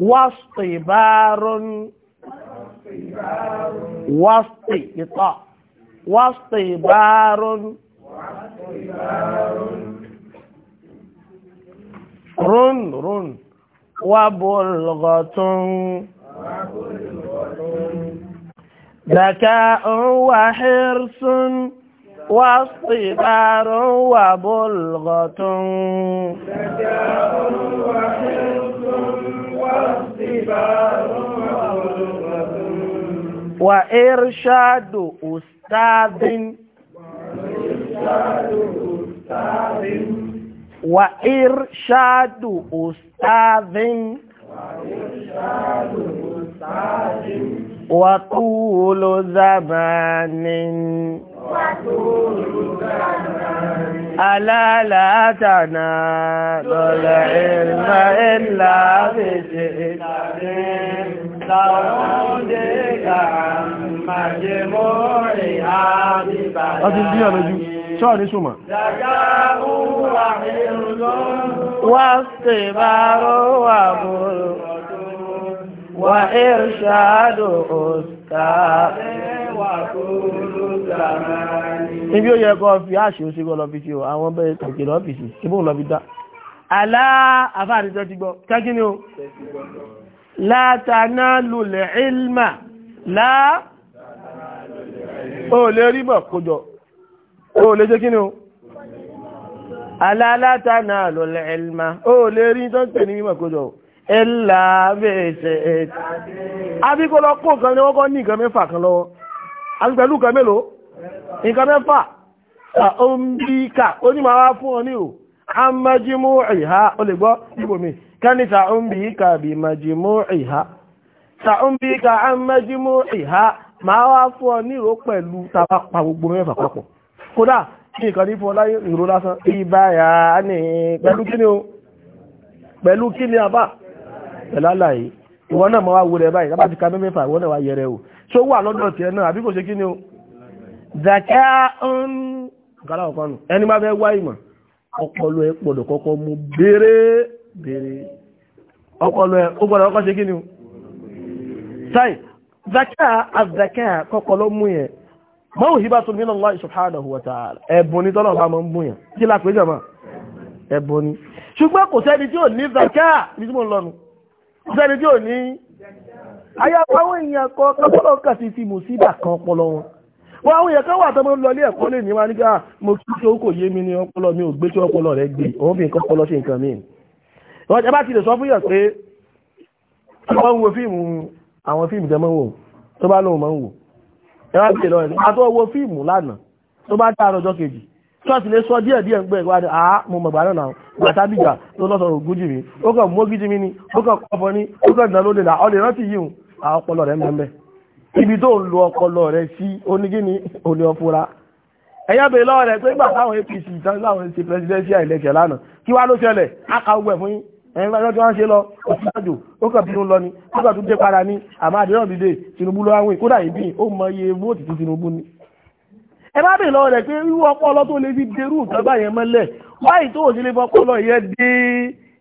Speaker 1: واصطبار واصطبار واصطبار رن رن وبلغة ذكاء وحرص واصطبار وبلغة ذكاء وحرص wa irshadu ustadin wa irshadu ustadin wa tulu ustadin. wa tulu zamanin ألا لا تنالوا العلم إلا بشيء عليم ترودك عن مجموع عاقبة Ṣọ́ọ̀rí súnmọ̀.
Speaker 2: Ṣàgáhùn wà ní ọdún. Wà sí bá rọ́ wà
Speaker 1: bọ̀rọ̀.
Speaker 2: وإرشاد
Speaker 1: أستاذ وكل زمان ibi ó yẹ kọ́ fi áṣì ó sígbọ́ lọ fi tí ó àwọn bẹ́ẹ̀ tàbí lọ́fíìsì tí bóò lọ fi dá aláà àfáàdìjọ́ ti gbọ́ kẹ́kí ni ó látàná lulẹ̀ ilmà láà ó lè rí bọ̀ kójọ ó lè jẹ́ kí ni ó aláà látàná lulẹ̀ ilmà ó lè rí tó ń pè ní mímọ̀ kójọ ẹ̀là bẹ̀ẹ̀ṣẹ̀ a abíkọ́lọ́ kó nǹkan ní wọ́n ní nǹkan mẹ́fà kan lọ́wọ́ àti pẹ̀lú nǹkan mélòó nǹkan mẹ́fà ó ń bí kà ó ní máa wá fún ọ ní o amájímú ìhá ó lè gbọ́ kẹ́ni ó ń bí ta ó ń bí ìhá máa wá fún ọ ní ìró pẹ̀lú tàbá pa gbogbo mẹ́fà kódà ní fún ọ láyé pẹ̀lú àlàyé ìwọ náà máa wo rẹ̀ báyìí lábàá ti ka mẹ́fà ìwọ náà wá yẹrẹ o ṣó wà lọ́dọ̀ tiẹ̀ náà àbí kò ṣe kí ni o zakia ń kàlà ọ̀kan nù ẹni bá fẹ́ wá ìmọ̀ ọpọlọ ẹ gbọ́dọ̀ kọ́kọ́ mú béèrè béèrè ọpọlọ ṣe kí ni o sáì zakia subhanahu wa ta'ala ẹ̀bùn ni tọ́lọ̀ bá máa ń mú yẹn kí lápẹ́jọ́ mọ́ ni ṣùgbọ́n kò sẹ́ni tí sẹ́ni tí ò ní ayé àwọn èèyàn kan kọ́kọ́lọ́ kà sí ti mùsíbà kan ọpọlọ wọn wọ́n àwọn èèyàn kan wà tọ́mọ́ lọ ilé ẹ̀kọ́ lè níwá nígbà mo kí tí ó kò yé mi ní ọpọlọ mi ò gbé tí ọpọlọ rẹ̀ gbé òun fi nǹkan ọpọlọ ṣe nǹkan míì wọ́n ẹ bá ti lè sọ fún yàn pé wọ́n wo fíìmù àwọn fíìmù tẹ́ mọ́ tó bá lóun mọ́ wò ẹ bá ti lọ ẹ̀ àtọ́wọ́ fíìmù lánàá tó bá dá àrọ́jọ́ kejì tọ́sí lè sọ díẹ̀ díẹ̀ gbé ìwádìí àá mo mọ̀gbà náà náà gbàtà bìjà tó lọ́sọ̀rọ̀ ògúnjì mi ó kàn mú ògúnjì mi ni ó kàn kọ́bọ ní ó kàn dán lóde là ọ̀lẹ̀ rántí yìí àwọn ọpọlọ rẹ̀ mẹ́mẹ́ ibi tó ń lo ọpọlọ rẹ̀ sí onígíní òní ọ̀fura ẹ̀yà bèèrè lọ́wọ́ rẹ̀ pé nígbà táwọn APC tán láwọn ṣe presidential election lánàá kí wá ló ṣẹlẹ̀ á ka ogun ẹ̀ fún yín ẹ̀yìn bá yọjú wọn ṣe lọ òsì àjò ó kàn bínú lọ ni ó kàn tún dé padà ní àmọ́ ẹ bá bèèrè lọ́wọ́ rẹ̀ pé irú ọpọlọ tó lè fi derú ìtọ́gbà yẹn mọ́lẹ̀ báyìí tó òsì lè fọ ọpọlọ yẹn dé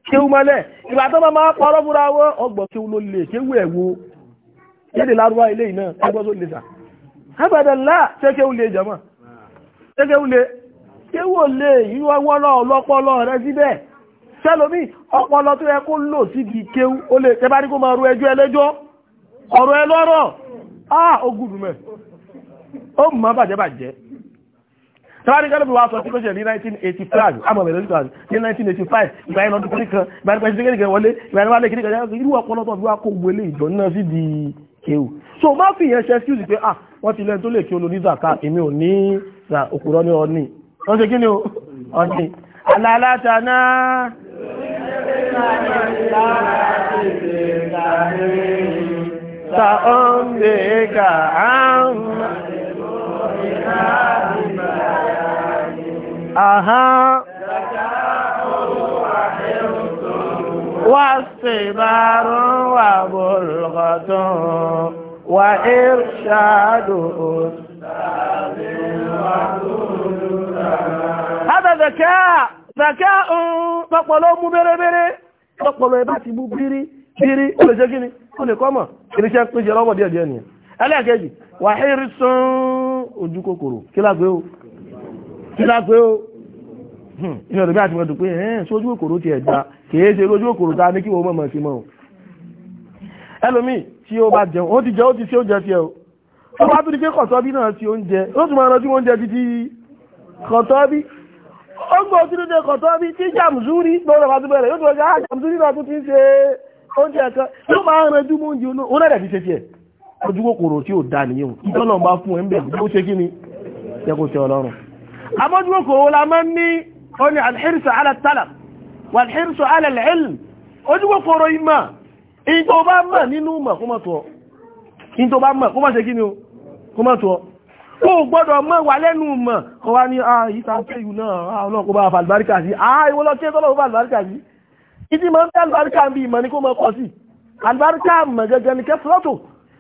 Speaker 1: kéwú mọ́lẹ̀ ìgbà tó máa parọ́ fúnra wọn ọgbọ̀n kéwú ló lè kéwú ẹ̀ wo yéde lárúbá ilé yìí náà ẹgbọ́n tó lè sà abẹ́dẹ̀lá ṣé kéwú lè jọmọ́ ṣé kéwú lè kéwú lè yíwọ́ wọ́lọ́ ọlọ́pọlọ rẹ síbẹ̀ sẹ́lómi ọpọlọ tó yẹ kó lò síbi kéwú ó lè tẹ́ bá ní kó ah ó gùdùmẹ̀ ó mọ̀ bàjẹ́ bàjẹ́ tọ́wárí gẹ́lẹ́bù wa sọ tí kò ṣe ní 1985 àmọ̀ bẹ̀rẹ̀ nípa ní 1985 ìgbà ẹ̀nà ọdún kan ìgbà ẹ̀nà ìṣẹ́gẹ́rì kan wọlé ìgbà ẹ̀nà wálé kìíní kan irú ọ̀pọ̀lọpọ̀ bí wá kó gbélé ìjọ náà sí di kéwù so má fi yẹn ṣe excuse pé ah wọ́n ti lẹ́nu tó lè kí olóní zaka èmi ò ní ra òkúrọ́ ní ọ̀ní wọ́n ṣe kíni o ọ̀ní alálàtà náà ta ọ̀ndẹ̀ẹ́ka àmà أها واستبار وبلغة وإرشاد هذا ذكاء ذكاء تقبلوا مبربري tọ́pọ̀lọ ẹbá ti bú bírí bírí ó lè jẹ́ gíní ó lè kọ́mọ̀ irinṣẹ́ pínjẹ lọ́wọ́ díẹ̀díẹ̀ nìyẹn ẹlẹ́ẹ̀kejì wàhírí sún ojú kòkòrò kí lágbé kí lápé ó ní ọ̀dọ̀ bí àti mọ̀dù pé ẹ̀ẹ́ sójú òkòrò ti ẹ̀dá kìí ṣe lójú òkòrò ta ní kí wọ́n mọ̀ sí mọ́ ẹlòmíì tí ó bá jẹun ó ti jẹ ó ti ṣe oúnjẹ tiẹ̀ o ó bá tún ní pé kọ̀tọ́bí náà ti oúnjẹ ó tún máa rántí oúnjẹ ti ti kọ̀tọ́bí ó gbọ́ tí ló dé kọ̀tọ́bí tí jàmùsúrí gbọ́dọ̀ bá tún bẹ̀rẹ̀ yóò tún ọjà jàmùsúrí ah, náà tún ti ń ṣe oúnjẹ kan ló máa rántí oúnjẹ onáàdà ti ṣe tiẹ̀ ojú kòkòrò tí ò dá nìyẹn ìtọ́nà bá fún ẹ̀ ń bẹ̀ ó ṣe kí ni jẹ́ kó ṣe ọlọ́run amójúkò wọ́n la máa ń ní ó ní alhírsu alatalab walhírsu alalilm ojúkòkòrò ìmọ̀ in tó bá mọ̀ nínú mọ̀ kó mọ̀ tọ́ in tó bá mọ̀ kó mọ̀ ṣe kí ni ó kó mọ̀ tọ́ kó gbọ́dọ̀ mọ̀ wà lẹ́nu mọ̀ kọ wá ní ààyíta ah, kéyù náà ah, ọlọ́kọ̀ bá fàlbáríkà sí ààyíwọ́lọ́kẹ́ tọ́lọ́kọ̀ bá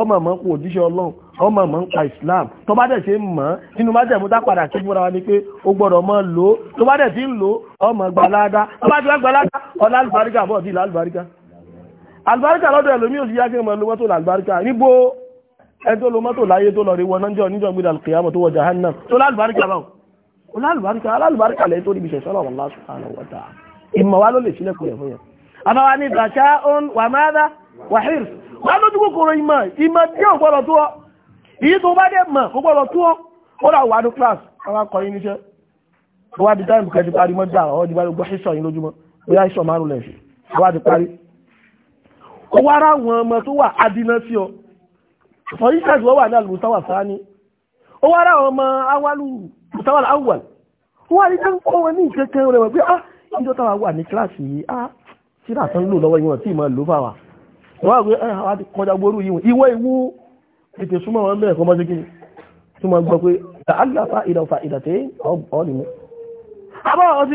Speaker 1: ọmọ mọ̀ ń pò òjíṣẹ́ ọlọ́run ọmọ mọ̀ ń pa islam tó bá dẹ̀ ṣe ń mọ̀ nínú bá dẹ̀ mú tá padà sí fúnra wa ni pé ó gbọ́dọ̀ mọ̀ lò ó tó bá dẹ̀ ti ń lò ó ọmọ gbalada tó bá ti wá gbalada ọ̀la alùbáríkà bọ̀ sí alùbáríkà alùbáríkà lọ́dọ̀ ẹlòmíì ò sí yá kí ọmọ lo mọ́tò alùbáríkà níbo ẹni tó wọ́n lójú kòkòrò ìmọ̀ ìmọ̀ tí ò gbọ́dọ̀ tó ọ́ èyí tó bá dẹ̀ mọ̀ kó gbọ́dọ̀ tó ọ́ ó dà wà ní class àwọn akọ̀yìn níṣẹ́ tó wá di táìmù kẹjì parí mọ́ dà ọ́ di gbọ́ ṣíṣọ́ yìí lójúmọ́ bóyá ṣíṣọ́ márùn lẹ̀ tó wá ti parí ó wá rá àwọn ọmọ tó ah ìjọ táwa wà ní ah síra tán lò lọ́wọ́ yìí wọ́n tí wọ́n àgbé àwọn ah, àti kọjá gbórú yìí ìwọ ìwú ètò súnmọ́ wọn bẹ̀rẹ̀ kọ́ mọ́ sí kí ni tí wọ́n gbọ́ pé àlàfà ìdàfà ìdàtẹ́ ọ̀nìmọ́ àbọ̀ ọtí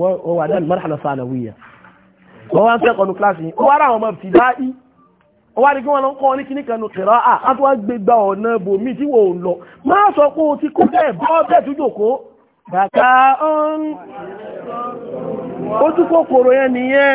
Speaker 1: wọ́n wà dáni marhala sàlàwìyà wọ́n wá ń kẹ́kọ̀ọ́ ní kíláàsì yìí wọ́n ara àwọn ọmọ ti dá í wọ́n wá ní kí wọ́n lọ ń kọ́ ní kíní kan ní o ti kó bẹ́ẹ̀ bọ́ yẹn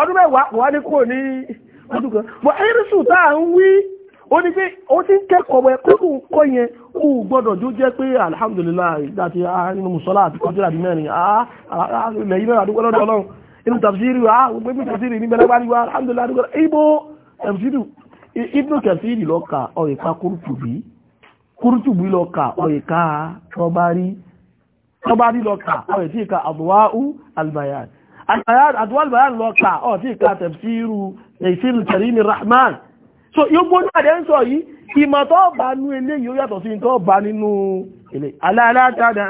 Speaker 1: ọdún mẹ́wàá wà ní kò ní ọdún kan bọ̀ ẹ́rìsù tá à ń wí ó ní pé ó ti ń kẹ́kọ̀ọ́ ẹ kó kò ń kọ́ yẹn kó o gbọ́dọ̀ jó jẹ́ pé alihamudulilayi àti nínú musọ́lá àti kọ́tíra àti mẹ́rin ilẹ̀ yìí mẹ́rin àdúgbò lọ́dọ̀ ọlọ́run inú tafsiri wa gbogbo ibi tafsiri ní bẹ́lẹ́ wáríwá alihamudulilayi àdúgbò ibo tafsiri ibnu tafsiri lọ ka ọ̀yẹ̀ká kúrútùbí kúrútùbí lọ ka ọ̀yẹ̀ká tọ́bárí tọ́bárí lọ ka ọ̀yẹ̀ tí ì ka àbúwá albayan àdúwàl bayan lọ kà ọ̀ tí ìka tafsiru ìsìn karimi rahman so yóò ní àdẹ́ ń sọ yìí ìmọ̀ tó bá nú ilé yóò yàtọ̀ sí tó bá nínú ilé alálátàdà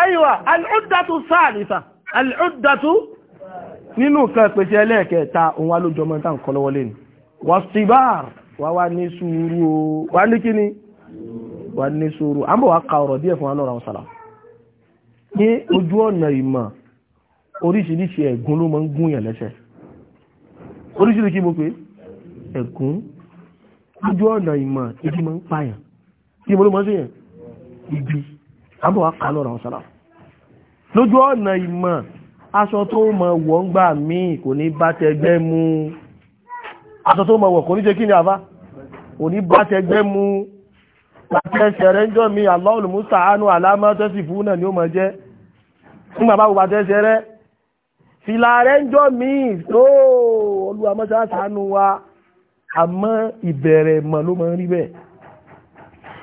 Speaker 1: Àyíwá, al'uddatu sáàlìsà, al'uddatu nínú kan pèsè ẹlẹ́ẹ̀kẹta òun wá lójọ mọ́ta ń kọlọ́wọ́lé ni. Wàstíbàr, wà wá ní sùúrù o, wà ní kíni? Wà ní sùúrù. A ń bọ̀ wá ka ọ̀rọ̀ díẹ̀ fún anọ́ra ìbò ló mọ́ sí yẹn ibi àbọ̀ wá kà lọ́rọ̀ ọ̀sára lójú ọ̀nà ìmọ̀ aṣọ tó mọ̀ wọ̀ gbà míì kò ní bá tẹgbẹ́ mu aṣọ tó mọ̀ wọ̀ kò ní jẹ́ kí ni àbá kò ní bá tẹgbẹ́ mu pàtẹ́sẹ̀ rẹ̀ ń jọ mi Allahul musta'anu àlámọ́ tẹ́sì fún náà ni ó mọ̀ jẹ́ mi tó olúwa mọ́ṣáṣánú wa àmọ́ ìbẹ̀rẹ̀ mọ̀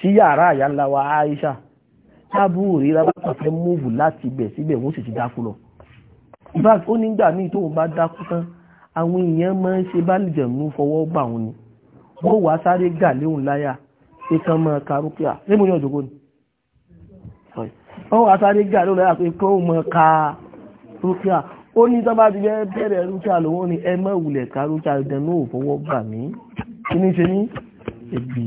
Speaker 1: sí yàrá àyànlá wa Aisha tábù òrìra bá kàfẹ́ múùbù láti ibẹ̀ síbẹ̀ wọ́n sì ti dákú lọ ìbáàkì ó nígbà míì tóun bá dákú tán àwọn èèyàn máa ń ṣe bálìjẹ̀mú fọwọ́ bà wọn ni wọ́n wá sáré gà léhùn láyà pé kán máa ka rúkìá lébùn ní ọ̀jọ̀gbọ́n ni wọ́n wá sáré gà léhùn láyà pé kán máa ka rúkìá ó ní tọ́ bá ti bẹ́ bẹ̀rẹ̀ rúkìá lòun ni ẹ má wulẹ̀ ka rúkìá ìdẹ̀nú òfọwọ́ bà mí kí ní ṣe ní ẹ̀bì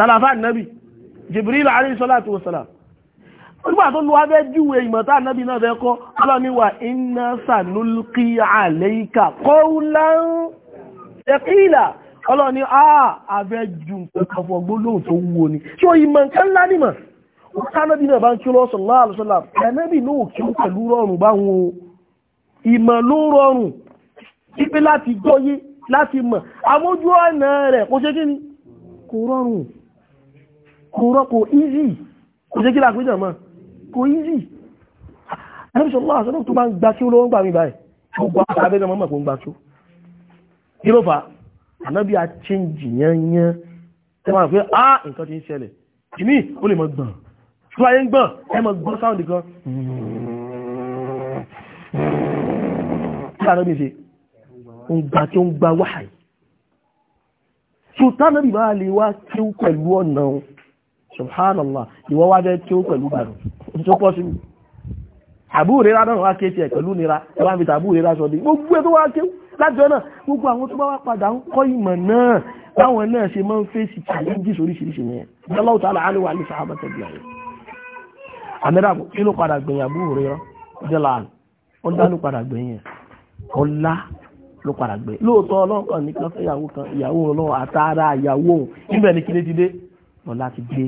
Speaker 1: tàlàfà nàbì Jibril alayhi salatu wassalam nígbà tó lu abẹ́ júwe ìmọ̀tá nàbì náà fẹ́ kọ́ ọlọ́niwà inna sanulqi alayka qawlan thaqila ọlọ́ni ààbẹ́ ju nǹkan fọ́ gbólóhùn tó wúwo ni ṣé o ìmọ̀ nǹkan ńlá nìmọ̀ kánàbì náà bá ń kí lọ́sọ̀ láàrùsọ́là kánàbì náà kí ó pẹ̀lú rọrùn bá wọn ìmọ̀ ló láti mọ̀ àmójú ọ̀nà rẹ̀ kò ṣe kí ni kò rọrùn kò rọ́pò easy kò jẹ́ kí láàpéjọ mọ́ kò easy ẹ̀rọ̀ṣọ́lá àṣọ́lọ́ tó bá ń gbá kí olówó ń gbà mí báyìí ó gbà abẹ́gbẹ́ mọ́mọ́ kò ń gbà tó kí ló fà á ànábì àchẹ́ǹjì yányán tẹ́ máa pé á nǹkan ti ń ṣẹlẹ̀ ìní ó lè mọ gbọ̀n tó tí ó ń gba wáhàì sultanabi máa lè wá kí ó pẹ̀lú ọ̀nà subhanallah ìwọ wá jẹ́ tí ó pẹ̀lú gbàdùn tó pọ̀ sí àbúrò rẹ̀ náà wá kéèkì ẹ̀ pẹ̀lú nira wá fi tàbúrò rẹ̀ sọ dé gbogbo ẹ̀ tó wá kéwù lájọ náà gbogbo àwọn tó bá wá padà ń kọ́ ìmọ̀ náà báwọn náà ṣe máa ń fèsì challenges oríṣiríṣi yẹn lọ́wọ́ tó àlọ́ àlọ́ wà ti dé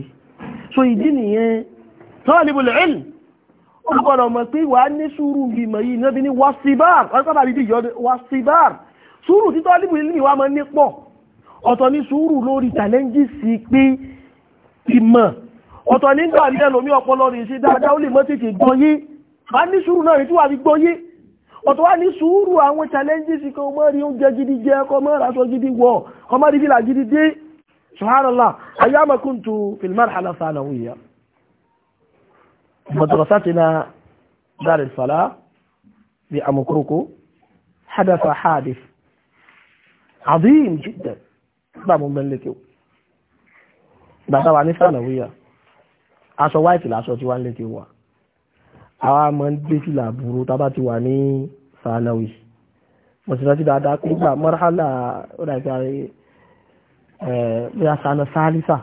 Speaker 1: so ìdí nìyẹn talibul ilm ó gbọ́dọ̀ mọ̀ pé wàá ní sùúrù bíi mọ̀ yìí níbi ní wàsíbàr ọ̀rẹ́sábà bíi yọ wàsíbàr sùúrù tí talibul ilm wàá máa ní pọ̀ ọ̀tọ̀ ní sùúrù lórí challenges sí pé ìmọ̀ ọ̀tọ̀ nígbà ní ẹlòmí ọpọlọ rẹ̀ ṣe dáadáa ó lè mọ́ tètè gbọ́yé wà ní sùúrù náà ìtúwà fi gbọ́yé ọ̀tọ̀ wá ní sùúrù àwọn challenges kan mọ́ rí oúnjẹ gidi سبحان الله أيام كنت في المرحلة ثانوية مدرستنا دار الصلاة أمكروكو حدث حادث عظيم جدا ما مملكه ما طبعا ثانوية aṣọ wáìtì láṣọ tí wá ń lé ti wà àwọn ọmọ ń gbé fìlà burú tábà ti wà ní sanawi mo sì rántí mọ́rálà ó dàgbà Eh, bóyá sana sáálísà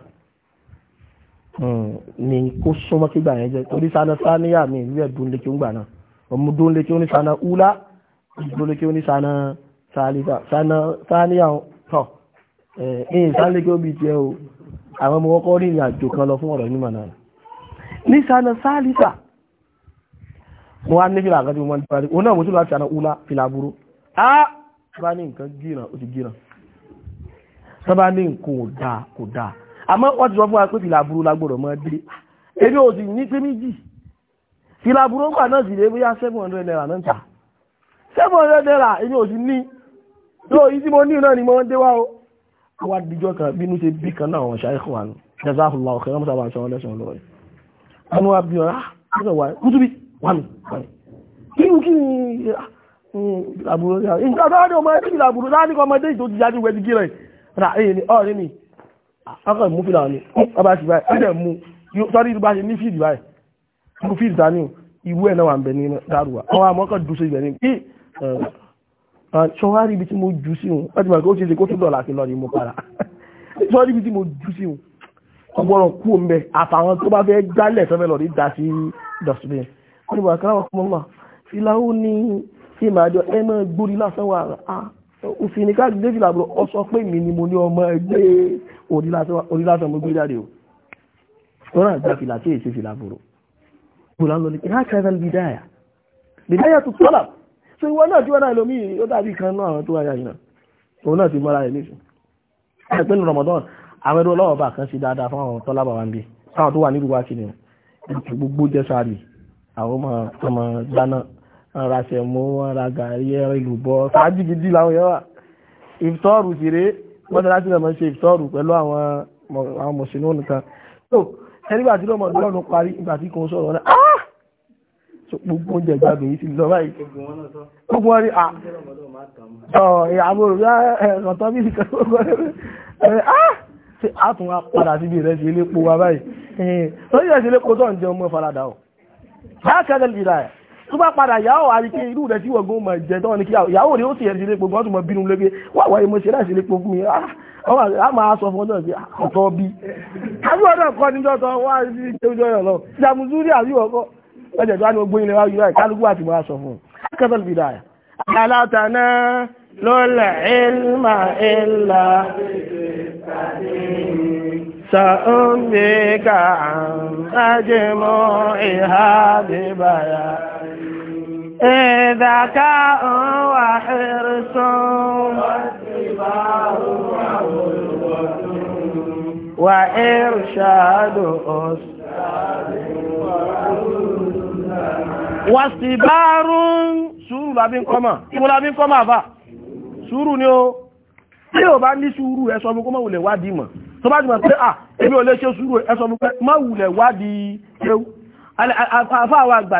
Speaker 1: hmm, ni kó súnmọ́ kí gbà yẹn jẹ́ torí sana sáníyà mi ìlú ẹ̀dùn lékè ń gbà náà ọmọ dún lékè ó ní sana úlá dún lékè ó ní sana sáálísà sana sáníyà tọ̀ ẹ̀yìn sana lékè ó bí tiẹ̀ o àwọn ọmọ ọkọ rìnrìn àjò kan lọ fún ọ̀rọ̀ nímọ̀ náà ní sana sáálísà mo wá ní fìlà àkàtì mo máa ń parí òun náà mo tún lọ àti sana úlá fìlà àbúrò tó bá ní nǹkan ò dáa kò dáa àmọ́ wọ́n ti sọ fún wa pé fìlà aburú la gbọ́dọ̀ mọ́ dé èmi ò sì ní pé méjì fìlà ń gbà náà sì lè bóyá seven hundred naira náà ta seven hundred naira èmi ò sì ní tó yìí tí mo ní náà ni mo ń dé wá o àwa dijọ́ kan bínú ṣe bí kan náà wọn ṣe àìkọ́ wa nù jazakallah ọ̀kẹ́ wọn sábà sọ wọn lẹ́sàn lọ́wọ́ yìí wọn wá bí wọn á ah, sọ wá kútùbí wà mí wà mí kí ni kí ni aburú ah, mm, nǹkan tó wá ní ọmọdé ọmọdé ìtòjìjà ra èyí eh, ni ọ̀rẹ́ mi akọ̀ ìmú fìlà ni ọba ah, ṣì báyìí ọdẹ mú sọ́rí ìlú bá ṣe ní fíìdì báyìí mú fíìdì ta ni ìwú ẹ̀ náà wà ń bẹ ní dárúwà àwọn amọ́kọ̀ dùn sí ibẹ̀ ni kí eh, eh, mo jù sí òun ọdún mọ̀ kó ṣe ṣe kó tún dọ̀là sí mo para sọ́rí ibi tí mo jù sí òun ọgbọ́rọ̀ kú ń bẹ àtàwọn tó bá fẹ́ jálẹ̀ tó fẹ́ lọ rí da sí dustbin wọ́n ni bàkàrà wọn kọ́ mọ́ fìlà ó ní ìmọ̀ àjọ ẹ máa gbórí lásán òfin ní káàdì david àbúrò ọ sọ pé mi ni mo ní ọmọ ẹgbẹ́ onílásán mo gbé jáde o wọn náà gba fìlà tí èsì fìlà àbúrò bùrọ̀ ń lọ ní ìhà kẹfẹ́ bìdáyà bìdáyà tó tọ́lá so ìwọ náà tí wọn náà lómi ó dàbí kan náà àwọn tó wáyà yìí náà òun náà ti mọ́ra rẹ̀ nísìn ẹ̀ pé ní ramadan àwọn ẹrú ọlọ́wọ́ bá kan sí dáadáa fún àwọn tọ́lá bàbá ń bí táwọn tó wà nílùú wá kiri gbogbo jẹ́ ra sẹ̀mú wọn ra gàrí ẹran ìlúbọ fàájì gidi làwọn yẹn wà ìfitọ́ọ̀rù sì rèé mọ́tàlá sí lọ́mọ ṣe ìfitọ́ọ̀rù pẹ̀lú àwọn mọ̀sínú nìkan so ẹnìgbà tí lọ́mọ ọdún parí ìgbà tí kò ń sọ̀rọ̀ náà ah gbogbo oúnjẹ ìgbàgbé yìí ti lọ báyìí
Speaker 2: gbogbo wọn ni ah
Speaker 1: ìyàwó ah! ẹ̀rọ tó bí nìkan gbogbo ẹ̀ ah ṣe àtún apàdà síbi rẹ̀ sí ilé po wa báyìí lọ́yìn rẹ̀ sí ilé tó ń jẹun mọ́ faradà ọ̀ báyà kẹ́lẹ́ ìlà ẹ̀ tó bá padà yàwó àríké irú rẹ̀ tí wọ̀gbọ́n mọ̀ jẹ́ tọ́ ní kí yàwó rẹ̀ ó sì ẹ̀rí lépo gbọ́n tó mọ̀ bínú lóge wà wáyé mo ṣe láìsí lépo fún mi a ah, máa sọ fún ọjọ́ sí ah, ọ̀tọ̀ bí àbí ọ̀dọ̀ kọ́ ní jọ́tọ̀ ذكاء وحرص وإرشاد wàsìbáàrù sùúrù lábí ń kọ́mà ìmú lábí ń kọ́mà àfà sùúrù ni ó tí ò bá ní sùúrù ẹ sọ mú kó má wùlẹ̀ wádìí mọ̀ tó bá jùmọ̀ pé à èmi ò lè ṣe sùúrù ẹ sọ mú pé má wùlẹ̀ wádìí ewu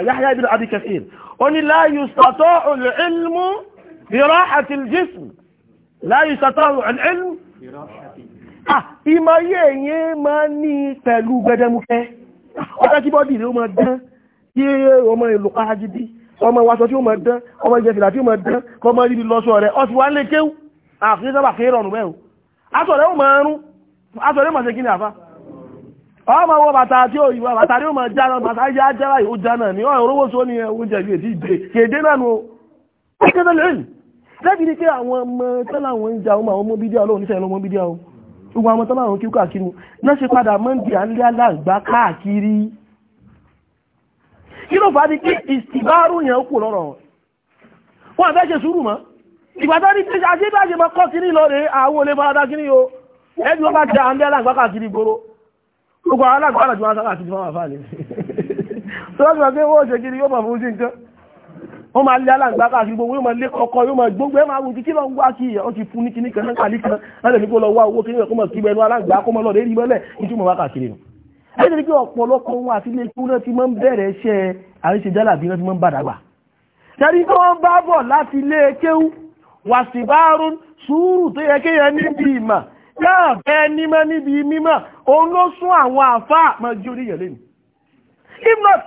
Speaker 1: Yahya ibn Abi oní la yustata' al-ilmu bi rahati al-jism la yustata' al-ilmu ah, ìmọ̀ yẹ́ yẹ́ máa ní pẹ̀lú gbẹdẹmukẹ́ ọjọ́ kí bọ́dì rẹ̀ ó máa dán kí ọmọ ìlú káàkiri ọmọ ìwàṣọ tí ó máa dán ọmọ ìjẹfìlà tí ó máa dán kọ mọ́ ríbi lọ́ṣọ́ rẹ̀ ọ̀sùn wá lé kéwù àfihàn ah, sábà kéèrọ̀nù bẹ́ẹ̀ ọmọ wọ bàtà tí ó yíwa bàtà rí ọmọ jára bàtà yá jẹ́ra ìhó jánà ní ọ̀rọ̀ owó só ní ẹ̀hún jẹ̀bi èdè ìdè kéde náà nù ó kéde lẹ́yìn lẹ́bi ni pé àwọn ọmọ tẹ́lá àwọn ìjà ọmọ àwọn ọmọ bídíà ọlọ́run níṣẹ́ ọmọ bídíà o gbogbo àwọn tọ́lá àwọn kí ó káàkiri náà ṣe padà mọ́ndì alẹ́ alágbá káàkiri kí ló fà á di pé ìsìbárù yẹn kù lọ́rọ̀ wọn àfẹ́ ṣe sùúrù mọ́ ìgbàdá ní ṣe àṣírí bá ṣe máa kọ́ kiri lọ rèé àwọn olè faradà kiri o ẹbí wọn bá ti àwọn alẹ́ alágbá káàkiri gbòòrò gbogbo àwọn alágbàrà tí wọ́n sára àti ìfọ́nà àfáà ní tó lọ́gbà pé wọ́n ṣe kiri yóò mọ̀ fún sí nǹkan wọ́n máa lé alágbàrà àti gbogbo yóò máa lé kọ́kọ́ yóò máa gbogbo ẹ̀ máa wù kí lọ ń wá kí ọ ti fún ní kíní kan náà kan láti ní kó lọ wá owó kíní ẹ̀kọ́ mọ̀ kí bẹnu alágbàrà kó mọ̀ lọ́dẹ̀ rí mọ́lẹ̀ ìtumọ̀ wá káàkiri nù ẹni ní kí ọ̀pọ̀lọpọ̀ wọn àti ilé ikú náà ti máa ń bẹ̀rẹ̀ iṣẹ́ àríṣe jálàbí náà ti máa ń bàdàgbà tẹ́rí tó ń bá bọ̀ láti ilé kéwú wàsíbárún sùúrù tó yẹ kéèyàn níbi ìmà láàbẹ́ nímọ́ níbi mímọ́ òun ló sún àwọn àfáà mọ́ jí oríyẹ̀ if not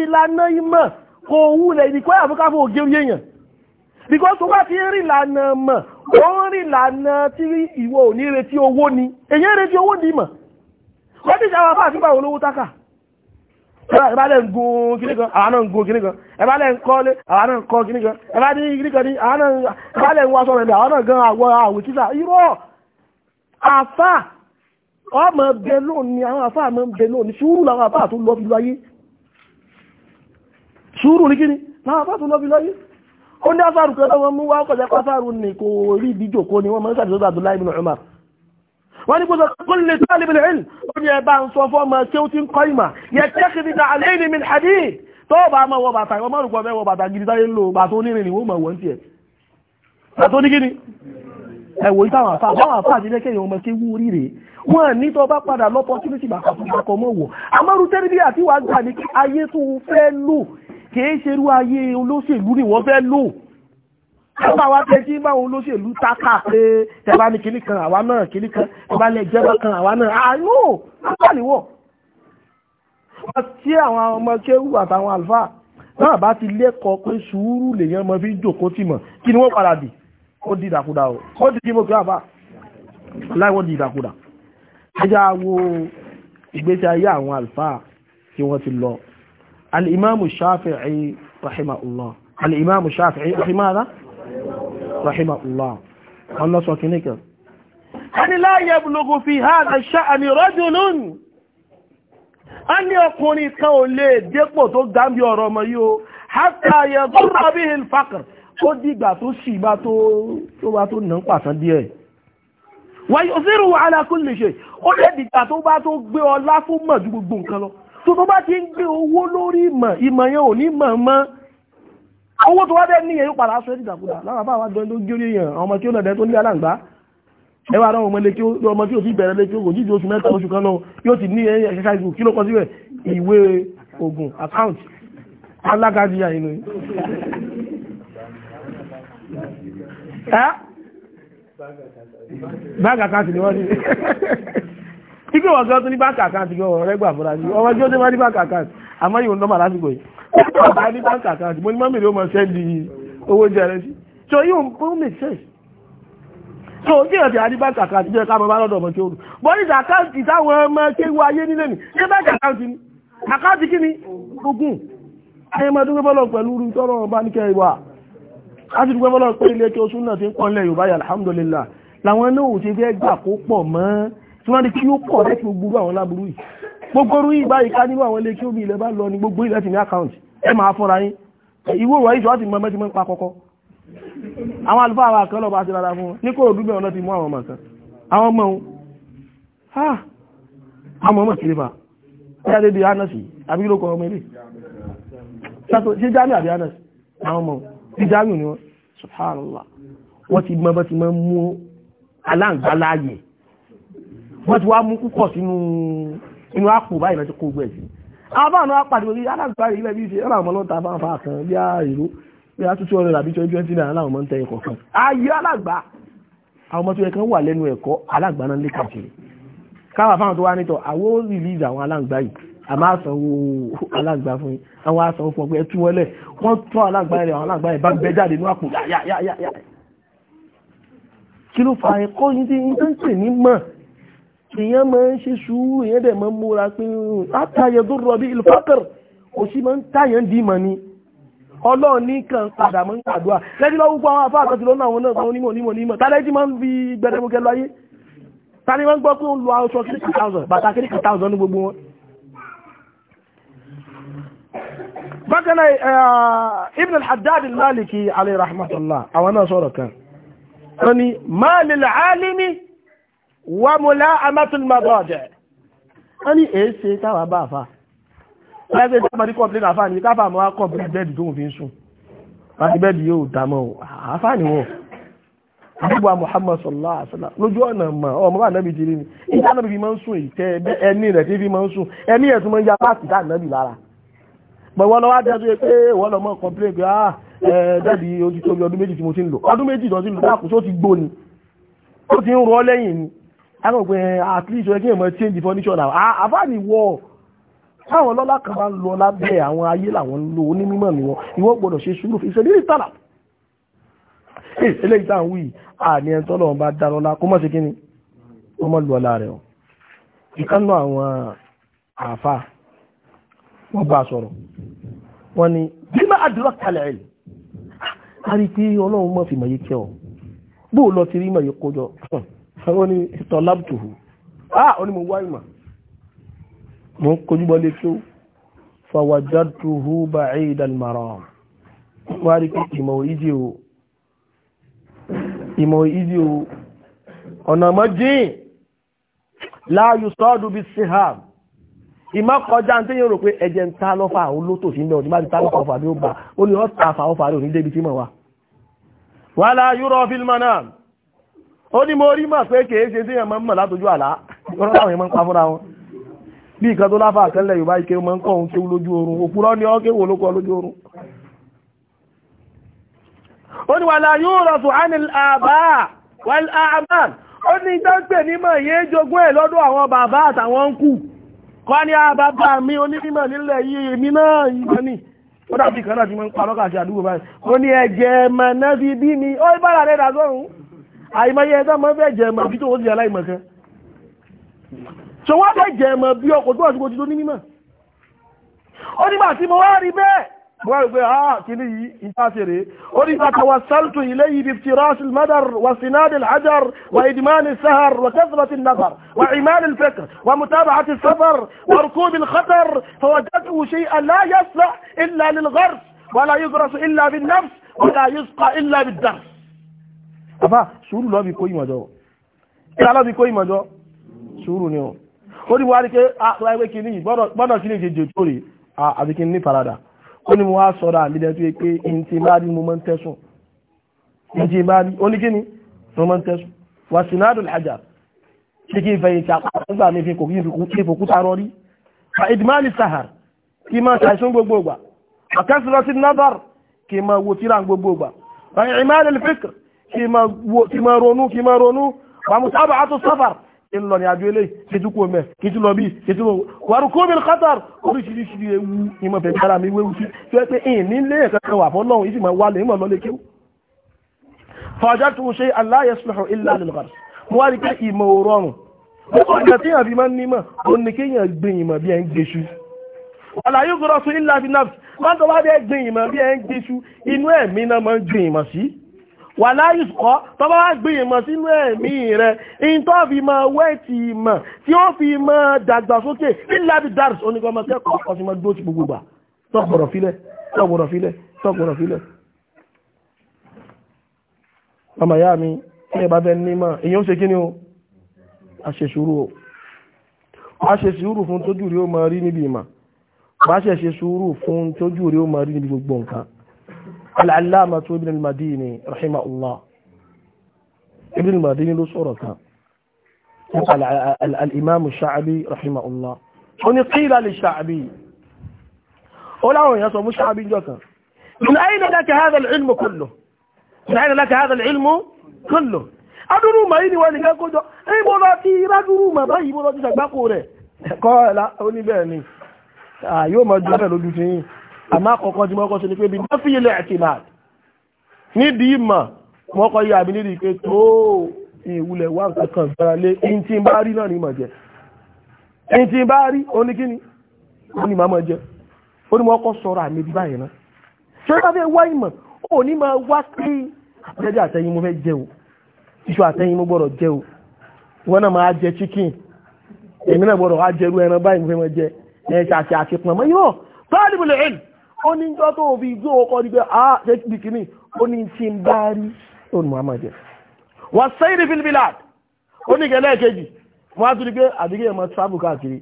Speaker 1: ìlànà ìmọ̀ kò wúlẹ̀ ìdíkọ́ àfúkáfò ògé orí èèyàn because wọ́n ti rí ìlànà mọ̀ òun rí ìlànà tí ìwọ ò ní retí owó ni èyàn retí owó ní mọ̀ wọ́n ti ṣàwọn àfáà tí báwọn olówó tákà ẹbálẹ̀ ń gun kìíní kan àwọn náà ń gun kìíní kan ẹbálẹ̀ ń kọ́lé àwọn náà ń kọ́ kìíní kan ẹbálẹ̀ ń kìíní kan ní àwọn náà ń wáṣọ́ rẹ̀ àwọn náà gan àwọ̀ àfà ọmọ bẹ lónìí àwọn àfà àmọ́ bẹ lónìí sùúrù làwọn àfà tó lọ fi lọ ayé sùúrù ní kíni làwọn àfà tó lọ fi lọ ayé ó ní afárù kan náà wọ́n mú wá kọjá pàfàrù ní kò rí ìdíjòkó ni wọ́n máa ń sàbẹ̀sọ́ Abdullahi ibn Umar wọ́n ní kó sọ kúlù lè tó àlebèlè ẹ̀lì ó ní ẹ̀bá wọ́n máa wọ́n tiẹ̀ ẹ̀wò ìtàwọn àfà àwọn àfà àti ilé kẹyìn ọmọ kí wú rí rèé wọn ní tó bá padà lọ́pọ̀ tí ó sì bàtà fún ìgbàkọ̀ mọ́ wò amárù tẹ́rìbí àti wà gbà ní ayé tó fẹ́ lò kìí ṣerú ayé olóṣèlú ni wọ́n fẹ́ lò nígbà wá tẹ́ tí báwọn olóṣèlú tákà pé tẹ́bá ní kìíní kan àwa náà kìíní kan tẹ́bá lẹ jẹ́bá kan àwa náà àyò àpàlìwọ̀ wọ́n tí àwọn ọmọ kéwù àtàwọn àlùfáà náà bá ti lẹ́kọ̀ọ́ pé sùúrù lèyàn mọ́ fi jòkó tì mọ̀ kí ni wọ́n padà dì ó di ìdàkudà o ó di kí mo kí àfà láìwọ́n di ìdàkudà ẹjá wo ìgbésí ayé àwọn àlùfáà tí wọ́n ti lọ al'imamu shafi'i rahimahullah al'imamu shafi'i rahimahullah rahimahullah Allah sọ kìníkà ẹni láyé bulogbo fi hàn àṣà ni rọ́jùlún a ní ọkùnrin kan ò lè dépò tó gámbí ọ̀rọ̀ ọmọ yóò hátà yẹ gúrọ̀ bí ìlfàkàr ó dìgbà tó sì bá tó bá tó nà ń pàtàn díẹ̀ wáyé òfin wà alákùn lè ṣe ó lè dìgbà tó bá tó gbé ọlá fún mọ̀ ju gbogbo nǹkan lọ tó tó bá ti ń gbé owó lórí ìmọ̀ ìmọ̀ yẹn ò ní mọ̀ mọ́ owó tó wá bẹ́ẹ̀ ní èyí padà sọ ìdàkudà lára bá wa dán tó gé orí èèyàn àwọn ọmọ tí ó lọ̀dẹ́ tó ní aláǹgbá ẹwà àwọn ọmọ ilé ọmọ tí ò sí bẹ̀rẹ̀ létí ogun jíjì oṣù mẹ́ta oṣù kan náà yóò ti ní
Speaker 2: báńkì àkáǹtì ni wọ́n ní
Speaker 1: ibi wọ́n gan tó ní báńkì àkáǹtì gan ọ̀rẹ́ gbà fúnra ní ọmọ tí ó dé wá ní báńkì àkáǹtì àmọ́ yóò nọ́mà lásìkò yìí ọ̀bá ní báńkì àkáǹtì mo ní mọ́mìrì ó mọ sẹ́ndì owó jẹrẹ sí so yóò ń bó make sense so kí ẹ̀ tí a ní báńkì àkáǹtì jẹ́ káàmọ́ bá lọ́dọ̀ ọmọ tí ó rù bọ́ ní àkáǹtì táwọn ọmọ kéwu ayé nílé ni ṣé báńkì àkáǹtì ni àkáǹtì kí ni ogun ayẹmọdún gbọ́dọ̀ pẹ̀lú tọ́rọ̀ ọba níkẹ́ ìwà a ti dúpẹ́ bọ́lọ́ pé ilé kí oṣù náà ti ń pọ́nlẹ̀ yorùbá yà alhamdulillah làwọn náà ò ti fẹ́ gbà kó pọ̀ mọ́ tí wọ́n ti kí yóò pọ̀ rẹ́ ti gbúrú àwọn láburú yìí gbogbo rú ìgbà ká nínú àwọn ilé kí omi ilẹ̀ bá lọ ní gbogbo ilẹ̀ ti ní account ẹ máa fúnra yín ìwé ìwà ìṣọ́ ti mọ mẹ́tí mọ́ pa kọ́kọ́ àwọn àlùfáà àwọn àkàn lọ́ba ti rárá fún wọn ní kò dúbẹ̀ wọn ti mú àwọn ọmọ kan àwọn ọmọ wọn àwọn ní jáwé ni wọ́n subhanallah wọ́n ti mọ́ bọ́ ti mọ́ mú aláǹgbá láàyè wọ́n ti wá mú púpọ̀ sínú inú àpò báyìí láti kó gbẹ̀ sí àwọn báwọn náà pàdé orí aláǹgbá rẹ̀ ilẹ̀ bí ṣe ẹ̀rọ àwọn ọlọ́ta bá ń fa kan bí àìró bí a tútù ọ̀rẹ́ àbí twenty twenty naira láwọn ọmọ ń tẹ ẹ̀kọ́ kan ayé aláǹgbá àwọn ọmọ tó yẹ kan wà lẹ́nu ẹ̀kọ́ aláǹgbá náà lé kàkiri káwà fáwọn tó wá nítọ̀ àwọn ó rìlíìsì àwọn aláǹgbá yìí a máa sanwó alágbà fún yín àwọn asanwó fún ọgbẹ́ tún wọlé wọ́n tún alágbà rẹ̀ àwọn alágbà rẹ̀ bá bẹ́ jáde ní àpò èèyàn máa ń ṣe sùúrù èèyàn dẹ̀ máa ń múra pé hmm, látàyẹ tó rọ bí ìlúfàkàr kò sí máa ń táyàn dì mọ̀ ni ọlọ́run ní kàn padà mọ́ ń gbàdúrà lẹ́ni lọ́wọ́ gbọ́ àwọn afá àkọsí lọ́nà àwọn náà sọ onímọ̀ onímọ̀ onímọ̀ tálẹ́jì máa ń fi gbẹdẹmukẹ lọ ayé tani máa ń gbọ́ pé ó ń lo aṣọ kiri kìtàzọ̀ bàtà bákan náà ibn al-haddad al-maliki alayhi rahmatullah àwọn náà sọ̀rọ̀ kan wọ́n ni ma lil alimi wa mula'amatul madaji wọ́n ni èé ṣe táwà bá àfà lẹ́gbẹ̀ẹ́ tí a mọ̀rí kọ̀pílẹ̀ àfà ní káfà mọ́ kọ̀pílẹ̀ bẹ́ẹ̀dì tó ń fi ń sùn láti bẹ́ẹ̀dì yóò dámọ́ àfà ni wọ́n àdúgbà muhammad sallallahu alaihi wasallam lójú ọ̀nà mọ̀ ọmọ bá nàbì ti ni ìjà nàbì fi máa ń sùn ìtẹ́ ẹni rẹ̀ ti fi máa ń sùn ẹni ẹ̀ tún máa ń ya bá àtìká nàbì lára pẹ̀wọ́ lọ́wọ́ dẹ́sí pé wọ́n lọ mọ́ complain pé ah dẹ́bí ojú tóbi ọdún méjì tí mo ti ń lò ọdún méjì tó ti ń lò dákùn tó ti gbó ni ó ti ń rọ lẹ́yìn ni àwọn òpin eh, at least ọ̀rẹ́kí ìmọ̀ change the furniture now ah, àfáàní wọ táwọn ọlọ́lá kan bá ń lọ lábẹ́ àwọn ayé làwọn ń lò onímọ̀ ni wọn ìwọ́n gbọ́dọ̀ ṣe sùúrù fi ìṣẹ́lẹ̀ ìtàlà eléyìí tá à ń wí àní ẹni tọ́lọ̀ bá dá lọ́lá kó mọ̀ sí kíni wọ́n mọ̀ lù ọlá rẹ̀ ọ̀ ìkánú àwọn àáfàá wọ́n bá sọ̀rọ̀ wọ́n ni bí má àdúrà kalẹ̀ ẹ̀ kárí pé ọlọ́run mọ́ fi mọ̀ yìí kẹ́ ọ bó lọ ti rí mọ̀ yìí kójọ wọ́n ni ìtọ̀ lábùtòhù ah ó ní mo wá ìmọ̀ mo ń kojú bọ́ lé tó fàwàjádùhù bá ẹ̀yìn dàlmàrà wọ́n rí pé ìmọ̀ ìdí o ìmọ̀ ìdí o ọ̀nà mọ́ jìn láàyò sọ́ọ́dù bí sihab ìmọ̀ kọjá tí yóò rò pé ẹjẹ́ ń ta lọ́fà olótò sí náà nígbàtí ta lọ́fà ọfà ní ó bà ó ní ọ́ta àfà ọfà rò ní débi tí mọ̀ wá wà láà yúrọ fílmọ̀ náà ó ní mo rí mọ̀ pé kìí ṣe tí ẹ̀mọ́ mọ̀ látójú àlá ọ̀rọ̀ láwọn ẹ̀mọ́ ń kọ́ ní ah, àbábá mi onímọ̀ nílẹ̀ yìí mi náà ìmọ̀ ní ó dàbí kan láti mọ́ ń parọ́ kàṣí àdúgbò báyìí ó ní ẹ̀jẹ̀ mọ̀ náà fi bí ni ó bára rẹ̀ dàgọ́rùn àìmọye ẹ̀sán mọ́ fẹ́ jẹ̀ mọ̀ bí tó ó sì aláìmọ̀ kan so wọ́n fẹ́ jẹ̀ mọ̀ bí ti tó ní بوي ها توصلت اليه بافتراس المدر وسناد الحجر وادمان السهر وكثره النظر وعمال الفكر ومتابعه السفر وركوب الخطر فوجدته شيئا لا يصلح الا للغرس ولا يدرس الا بالنفس ولا يسقى الا بالدرس ابا شو لو بيكوي ما جو قال لو بيكوي ما جو شو نيو اريد واريك اخ لاي كيني بونا شنو جي جوري فرادا ó ní mo wá sọ̀rọ̀ àmìlẹ̀ tó yẹ pé ní ti bá rí mo máa ń tẹ́sùn ní ti bá rí oníkíní mo máa ń tẹ́sùn wà sí náà dùn àjà ṣé kí n fẹ̀yìn tí àpá nígbà mi fi kòkí ìfòkúta rọrí fa ìdìmáàlì sahar kí máa ṣàìsùn gbogbo ìgbà àkásìlọ sí nadar kí máa wo tíra gbogbo ìgbà fa ìmáàlì fikr kí máa ronú kí máa ronú wà mùsábà àtò ń lọ ní adó eléyìí kìtú kú omi ẹ̀ kìtú lọ bí kìtú lọ wàrúkú omi qatar oríṣiríṣi ewu ìmọ̀ bẹ̀rẹ̀ ara mi wéwu sí tí wọ́n pe ìní lé ẹ̀kẹ́kẹ́ wà fọ́ náà ìsì máa wálé ìmọ̀ lọ́lé kéwù. fàájà tó ń ṣe aláyẹ sùlùhù ilá lùlùkàr mo wá rí pé ìmọ̀ ò rọrùn ọjà tí yàn fi máa ń nímọ̀ ó ní kéèyàn gbin ìmọ̀ bí ẹ̀ ń gbèsù àlàyé gbọ́dọ̀ sún ilá fi náà wọ́n tó wá dé gbin ìmọ̀ bí ẹ̀ ń gbèsù inú ẹ̀mí náà máa ń gbin ìmọ̀ sí wà láyìí kọ́ tọ́bá wá gbé ìmọ̀ sínú ẹ̀mí rẹ̀ in tó fi mọ wẹ́ẹ̀tì ìmọ̀ tí ó fi mọ dàgbàsókè níláàbí dars oníkọmọkẹ́kọ̀ọ́ ọ̀sìnmọ̀ dúró ti gbogbo gbà tọ́gbọ̀rọ̀ fílẹ̀ tọ́gbọ̀rọ̀ fílẹ̀ tọ́gbọ̀rọ̀ fílẹ̀ o a ṣe sùúrù o a ṣe o máa rí níbi ìmọ̀ a ṣe sùúrù o máa rí العلامة ابن المديني رحمه الله ابن المديني له صورة كان الإمام الشعبي رحمه الله وني قيل للشعبي ولا يا صاحب شعبي جوكا من أين لك هذا العلم كله من أين لك هذا العلم كله أدرو ما yìí ni wọ́n nìkan أي ìbò lọ ما rádúrú ma báyìí ìbò lọ ti sàgbákò rẹ̀ kọ́ ẹ̀lá oníbẹ̀ẹ́ àmá àkọ́kọ́ tí mọ́kọ́ sí ni pé bí wọ́n fi ilẹ̀ ẹ̀tì máa nídi ìmọ̀ mọ́kọ́ yà mí nídi pé tó ìwúlẹ̀ wà kankan gbára lé in tí bá rí náà ní mọ̀ jẹ in tí bá rí oníkíní ó ní máa mọ̀ jẹ ó ní mọ́kọ́ sọ̀rọ̀ àmì bí báyìí náà ṣé ká fẹ́ wá ìmọ̀ ó ní máa wá pé àtẹ́jọ́ àtẹ́yìn mo fẹ́ jẹ o iṣu àtẹ́yìn mo gbọ́dọ̀ jẹ o ìwọ náà máa jẹ chicken èmi náà gbọ́dọ̀ wá jẹrú ẹran báyìí mo fẹ́ mọ jẹ ẹ̀ ṣàṣì àṣepọ̀ mọ́ yóò tọ́lìbùlẹ̀ ẹ̀lì ó ní jọ́ tó fi ijó ọkọ̀ ní pé ah ṣe bí kìíní ó ní tí ń bá rí ó ní muhammad jẹ wà sẹ́yìn fil bilad ó ní kẹlẹ́ kejì wọ́n á tún pé àdìgẹ́ ẹ̀mọ́ travel káàkiri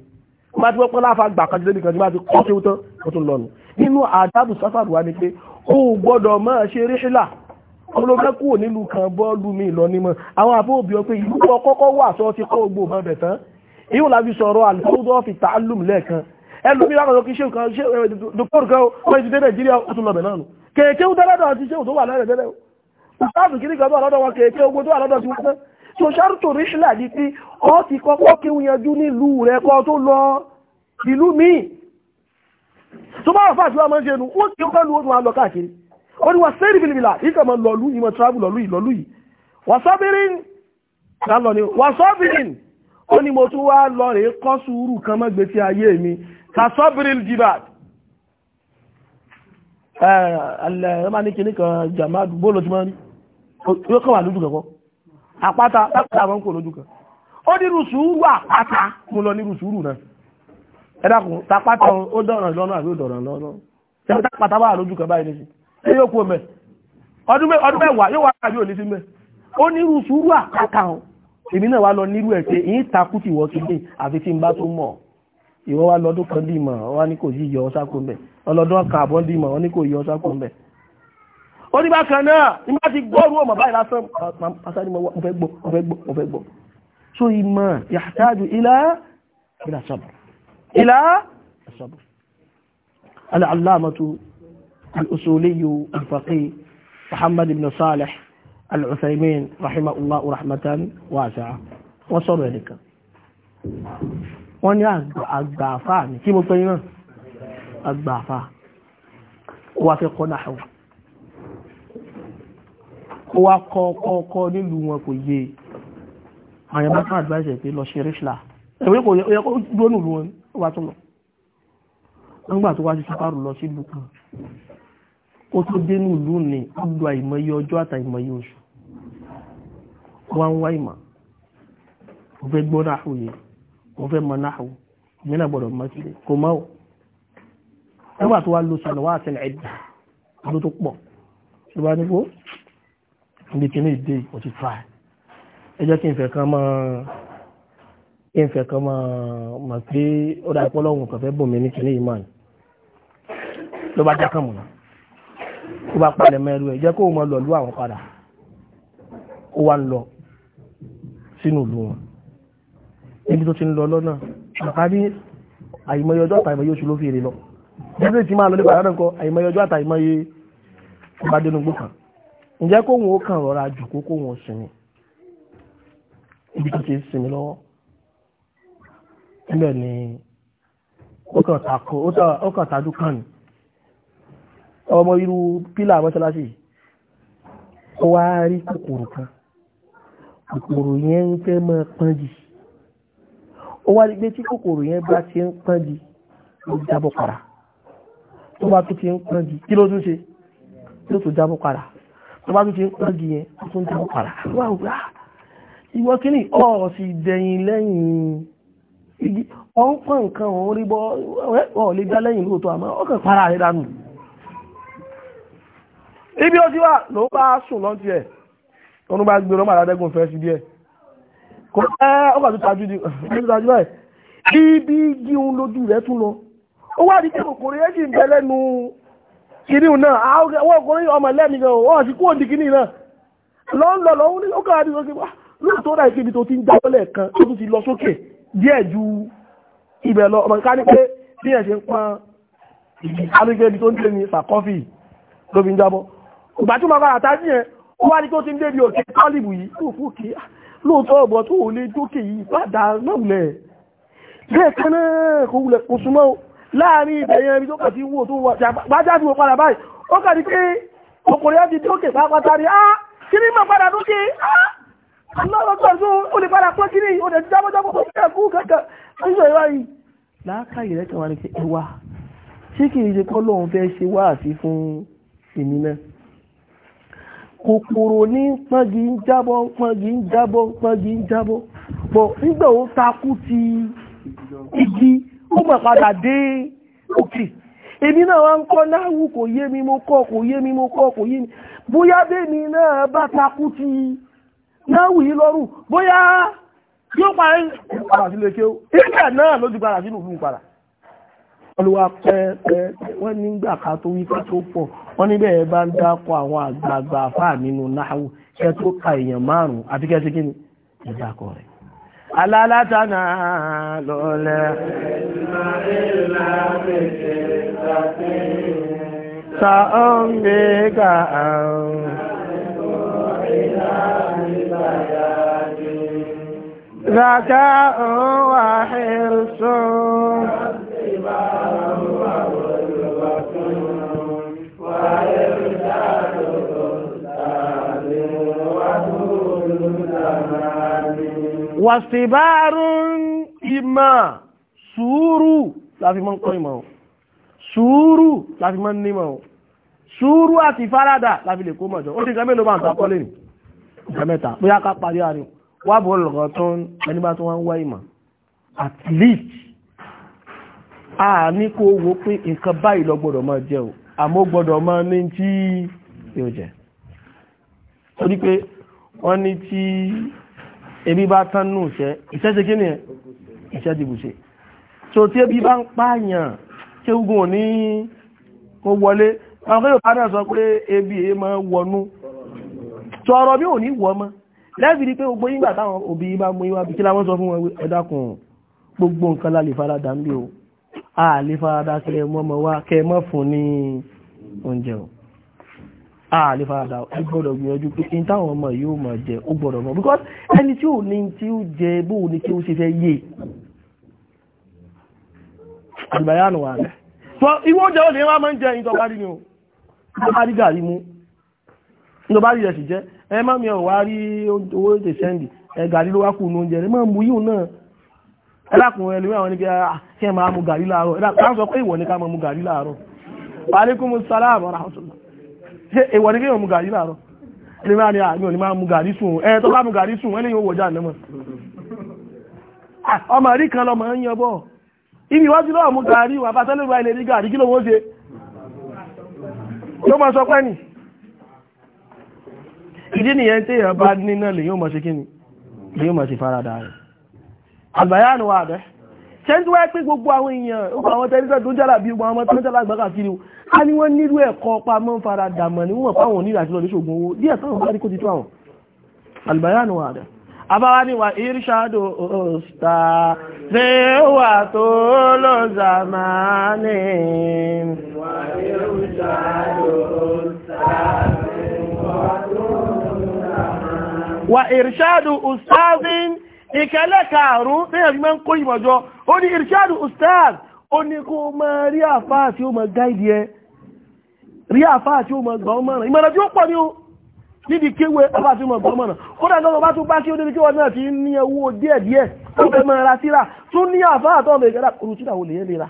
Speaker 1: bá ti wọ́pọ̀ láfa gbà kan débi kan tí bá ti kọ́ síwútọ́ ó tún lọ́nu nínú àdábù sáfàrù wa ni pé ó gbọ́dọ̀ máa ṣe ríṣílà ọlọ́fẹ́ kúrò nílùú kan bọ́ọ̀lù mi lọ nímọ̀ àwọn àbúrò bí ọ pé ìlú ọkọ́kọ́ wà sọ ti kọ́ gbogbo ọmọ bẹ̀ tán ìhùn láfi sọ̀rọ̀ àlùfáà fi ta'allum lẹ́ẹ̀kan ẹlòmí lákọ̀ọ́ kí ṣéun kan dókòrò kan wọ́n ti dé nàìjíríà ó tún lọ́bẹ̀ náà nù kèké ó dẹ́lẹ́dọ̀ àti ṣéun tó wà lẹ́rẹ̀ tẹ́lẹ̀ ìsáàtù kìíní kan tó wà lọ́dọ̀ wọn kèké ogun tó wà lọ́dọ̀ tí wọ́n tán so ṣáàtù ríṣìlà ní pé ó ti kọ́kọ́ kí wọ́n yanjú nílùú rẹ̀ kọ́ tó lọ ìlú míì tó bá wà fáà travel lọ́lú yìí lọ́lú yìí wà sọ́bìrín wà sọ́bìrín ó ní mo tún wá lọ rèé mọ́ mi kasọ́bìrìl jibad ẹ̀rẹ̀ ẹ̀mà ní kìíní kan jamadu bóòlò tí wọ́n yóò kọ́ lójú kẹ́kọ́ àpáta àwọn kò lójú kan ó ní rùsùúrù àpáta mo lọ ní rùsùúrù náà ẹ dákun ó dọ̀ràn lọ́nà àbí òdọ̀ràn lọ́nà ṣẹ́fẹ́ wà lójú kan báyìí ìwọ wa lọ́dún kan dìmọ̀ wa ní kò sí yọ ọ sáko mbẹ̀ ọlọ́dún kan àbọ̀ dìmọ̀ wa ní kò yọ ọ sáko mbẹ̀. ó ní bákan náà ní bá ti gbọ́ orú ọmọ báyìí lásán pàṣẹ mo fẹ́ gbọ́ mo fẹ́ gbọ́ mo fẹ́ gbọ́. so ìmọ̀ yàtájú ilá ilá sọ́bù ilá sọ́bù. al-allamatu al-usuliyyu al-faqih ibn salih al rahimahullah rahmatan wasi'a wọ́n sọ̀rọ̀ ẹ̀ nìkan wọ́n ní àgbààfà ní kí mo pẹ́ náà àgbààfà ó wá fẹ́ kọ́ náà ó wá kọ́ kọ́ nílùú wọn kò yé àyàn bá fún advice pé lọ ṣe ríṣìlá ẹ̀wẹ́ kò yẹ kó dúró nílùú wọn ó wá tún lọ wọ́n gbà tó òun fẹ́ mọ náhù ìyẹn náà gbọ́dọ̀ mọ sílẹ̀ kò mọ́ ò nígbà tó wá lo sàlọ́wọ́ àtẹlẹ ẹ̀dá ló tó pọ̀ tó bá nígbó níbi kíní ìdè ò ti try ẹ jẹ́ kí n fẹ́ kan mọ́ kí n fẹ́ kan mọ́ mọ̀ pé ó dá ipọ́ lọ́hùn kan fẹ́ bùn mí ní kíní yìí mọ́ ni ló bá jákàn mọ̀ ó bá palẹ̀ mọ́ ẹ̀ jẹ́ kó o mọ lọ lú àwọn padà ó wá ń lọ sínú ìlú wọn níbi tó ti ń lọ lọ́nà àkárí àìmọye ọjọ́ àtàìmọye oṣù ló fi èrè lọ nígbà tí máa lọ nípa àárọ̀ nǹkan àìmọye ọjọ́ àtàìmọye ìbádẹ́nugbó kan ǹjẹ́ kóhun ó kàn rọra jù kó kóhun ó sinmi ibi tó ti sinmi lọ́wọ́ níbẹ̀ ni ó kàn tájú kàn ní ọmọ irú pílà mọ́ṣáláṣí ó wá rí kòkòrò kan kòkòrò yẹn ń fẹ́ máa pọ́n jì ó wá rí pé tí kòkòrò yẹn bá ti ń pọ́n di ó jábọ́ padà tó bá tún ti ń pọ́n di kí ló tún ṣe yóò tún jábọ́ padà tó bá tún ti ń pọ́n di yẹn ó tún jábọ́ padà wá wá ah! ìwọ kíní ọ̀ sì dẹ̀yìn lẹ́yìn igi ọ̀n pọ̀ nǹkan ọ̀n rí bọ́ ọ̀ lè dá lẹ́yìn lóòótọ́ àmọ́ ọkàn para rẹ̀ dànù ibi ó ti wà ló bá sùn lọ́ntì ẹ̀ tó bá gbé lọ́mọ àdádẹ́gùn fẹ́ sí díẹ̀ kò ẹ́ ọgbà tó tajú ní tajú báyìí ibi igi ohun lójú rẹ̀ tún lọ ó wá di pé kòkòrò yẹn sì ń bẹ lẹ́nu kìnnìún náà àwọn ọkùnrin ọmọ lẹ́nu gan ọ̀ sí kúrò ní kìnnìún náà lọ ń lọ lọ ń ó kàrà ní ọjọ́ wá lóòótọ́ náà ibi tó ti ń jábọ́ lẹ́ẹ̀kan ó tún ti lọ sókè díẹ̀ ju ibẹ̀ lọ ọmọ ká ní pé bí ẹ̀ ṣe ń pọn alúgbé ibi tó ń tẹ́ ní sàkọ́fì ló fi ń jábọ́ ìgbà tí mo bá àtàjì lóòótọ́ ọ̀bọ̀ tó ò lè dókè yìí bàdà náwùlẹ̀ bẹ́ẹ̀ kan náà kò wulẹ̀ kò súnmọ́ o láàrin ibẹ̀ yẹn ibi tó kà sí wò tó wà jáde wò padà báyìí ó kà ní pé ọkùnrin ọdí dókè pápátá rí á kí ní mà padà dókè á lọ́wọ́tọ̀ tó ó lè padà pọ́n kí ní ó lè jábọ́jábọ́ tó fẹ́ kú kankan nígbà ìwà yìí láàkà ìrẹ́kẹ̀ wà ní pé ìwà ṣé kì í ṣe kọ́ lóun fẹ́ ṣe wáàsí fún ìnìyàn kòkòrò ní pọ́ngi ń jábọ́ pọ́ngi ń jábọ́ pọ́ngi ń jábọ́ pọ̀ nígbà ó takú ti igi ó mọ̀ padà dé òkè èmi náà wá ń kọ́ láwù kò yé mi mo kọ́ kò yé mi mo kọ́ kò yé mi bóyá bẹ́ẹ̀ni náà bá takú ti láwù yìí lọ́rùn bóyá yóò parí ìpàdà sílé kí ó ìgbà náà ló padà sínú fún padà olúwa pẹ́ẹ́pẹ́ wọ́n nígbà ká tó wí ká tó pọ̀ wọ́n níbẹ̀ ẹ bá ń dákọ̀ àwọn àgbààgbà àfáà nínú náhù kẹ́ tó ka èèyàn márùn-ún àti kẹ́ sí kí ni ìdákọ̀ rẹ̀ alálátánà lọ́lẹ̀ sàọ́ǹgbẹ́gà àrùn
Speaker 2: ذكاء وحرص
Speaker 1: wàsíbárún ìmọ̀ sùúrù láti mọ́ ń kọ́ ìmọ̀ sùúrù láti mọ́ ń nímọ̀ sùúrù àti fàradà láti lè kó mọ̀jọ́ ó ti gẹ́mẹ́ ló bá ń takọ́ lè ní ìjẹ́mẹ́ta bóyá ká parí àárín wà bọ́ tó ń ẹni bá tó wá ń wá at least a ní kó wo pé nǹkan báyìí lọ gbọ́dọ̀ máa jẹ́ o àmọ́ gbọ́dọ̀ máa wọ́n ní tí ebi bá tán nù iṣẹ́ iṣẹ́ ṣe kí ni ẹ̀ iṣẹ́ ti bùṣe so tí ebi bá ń pààyàn tí ogun ò ní kó wọlé àwọn akẹ́yọ̀ bá náà sọ pé ebi èé máa wọnú tọrọ bí ò ní wọ mọ́ lẹ́bi ni pé gbogbo yígbà táwọn òbí bá mú iwá bìkí láwọn sọ fún wọn ẹ gbogbo nǹkan la lè farada ń bí o a lè farada kẹ mọ́ mọ́ wá kẹ mọ́ fún ní oúnjẹ o ààlè farada ẹ gbọ́dọ̀ gbìyànjú pé ní táwọn ọmọ yóò mọ̀ jẹ ó gbọ́dọ̀ mọ̀ because ẹni tí ò ní tí ó jẹ bóò ní kí ó ṣe fẹ́ yé àgbàyànù wà rẹ̀ so iwó jẹ́ ó lè wá mọ́ ń jẹ ìjọba rí ni ó bá rí gàrí mú ìjọba rí rẹ̀ sì jẹ́ ẹ má mi ò wá rí owó ètè sẹ́ndì ẹ gàrí ló wá kù ní oúnjẹ rẹ̀ má mú yíò náà ẹ lákùnrin ẹlòmí àwọn níbi ah, kí ẹ máa mú gàrí láàárọ̀ ẹ lákùnrin sọ pé ìwọ ní ká máa mú gàrí láàárọ̀ wa alaikumus salam wa rahmatullah ṣé èèwọ̀ ni kí èèyàn mu gàrí láàárọ̀ ẹni máa ní àmì òní máa mu gàrí sùn ẹ tó bá mu gàrí sùn ẹni yóò ọmọ kan lọmọ ń yan bọ̀ ibi ìwájú náà mu gàrí wà bá tẹ́lẹ̀ ìwà ilẹ̀ ní gàrí kí ló ṣe yóò máa sọ pẹ́ nì ìdí nìyẹn tí èèyàn bá lè yóò ni wà bẹ́ ń tí wáyé pé gbogbo àwọn èèyàn àwọn tẹ́lifẹ̀ tó jálà bí gbogbo àwọn a ní wọ́n nílùú ẹ̀kọ́ pa mọ́ ń fara dàmọ̀ ní wọ́n pàwọn onílù àti lọ́dún ṣògùn owó díẹ̀ sáwọn bá rí kó ti tó àwọn albayanu wà abáwá ní wà irishado ọ̀sta ṣe wà tó lọ zamani wà irishado ọ̀sta ṣe wà tó lọ zamani wà irishado ustazin ìkẹlẹ́ kààrún ní ẹ̀gbẹ́ ń kó ìmọ̀jọ́ rí àfáà tí ó mọ̀ gbọ́n mọ̀ràn ìmọ̀ràn tí ó pọ̀ ní o níbi kéwé àfáà tí ó mọ̀ gbọ́n mọ̀ràn kódà lọ́wọ́ bá tún bá kí ó débi kí wọ́n náà ti ní owó díẹ̀ díẹ̀ tó fẹ́ máa ra síra tún ní àfáà tó ọmọ ìgbàdà kúrú síra olè lè ra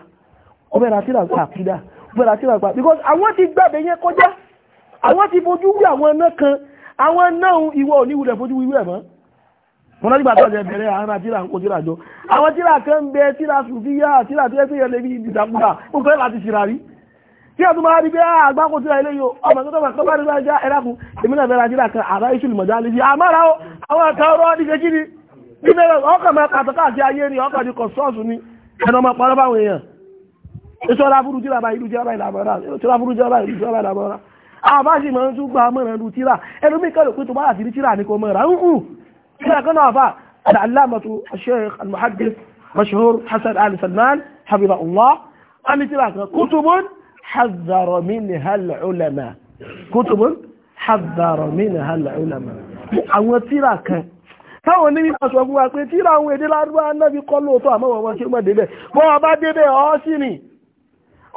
Speaker 1: ọbẹ̀ ra síra pa àkúdà ọbẹ̀ ra síra pa because àwọn ti gbàgbé yẹn kọjá àwọn ti fojú wí àwọn náà kan àwọn náà ìwọ ò ní wulẹ̀ fojú wí wẹ̀ mọ́ wọn láti gbàtọ́ ọ̀jẹ̀ bẹ̀rẹ̀ àwọn àtìrà ń kó tíra jọ àwọn tíra kan bẹ tíra sùfíyà tíra tó yẹ pé yẹn lè rí ìdìdàkúrà ó fẹ́ láti ṣìrà rí tí a tún máa rí bí ah, àgbákò tí a ilé yóò ọmọ tó tọ́bà kọ́bà nígbà já ẹ̀rákùn ìmìnà bẹ̀rẹ̀ àjílà kan àrá iṣu ìmọ̀já lè ṣe àmára ó àwọn àkàrọ̀ ní kejì ni nínú ọkọ̀ máa pàtó káàkiri ayé ni ọkọ̀ di kọ̀sọ́ọ̀sù ni ẹnu ọmọ pọ̀lọ́ báwọn èèyàn iṣẹ́ ọlá burú tí làbá ìlú jẹ́ ọlá ìlàmọ́ra iṣẹ́ ọlá burú jẹ́ ọlá ìlú jẹ́ ọlá ìlàmọ́ra àbá sì máa ń tún gba mọ́ra lu tíra ẹnu mi kẹ́lò pé tó bá àti rí tíra ní kò mọ́ra ń tíra kan náà fà حذر منها العلماء كتب حذر منها العلماء àwọn tírà kan táwọn ní nípa sọ fún wa pé tírà àwọn èdè lárúbá náàbí kọ́ lóòótọ́ àmọ́wọ̀ wọn kí ó mọ́ débẹ̀ bọ́ wọn bá débẹ̀ ọ́ sí ni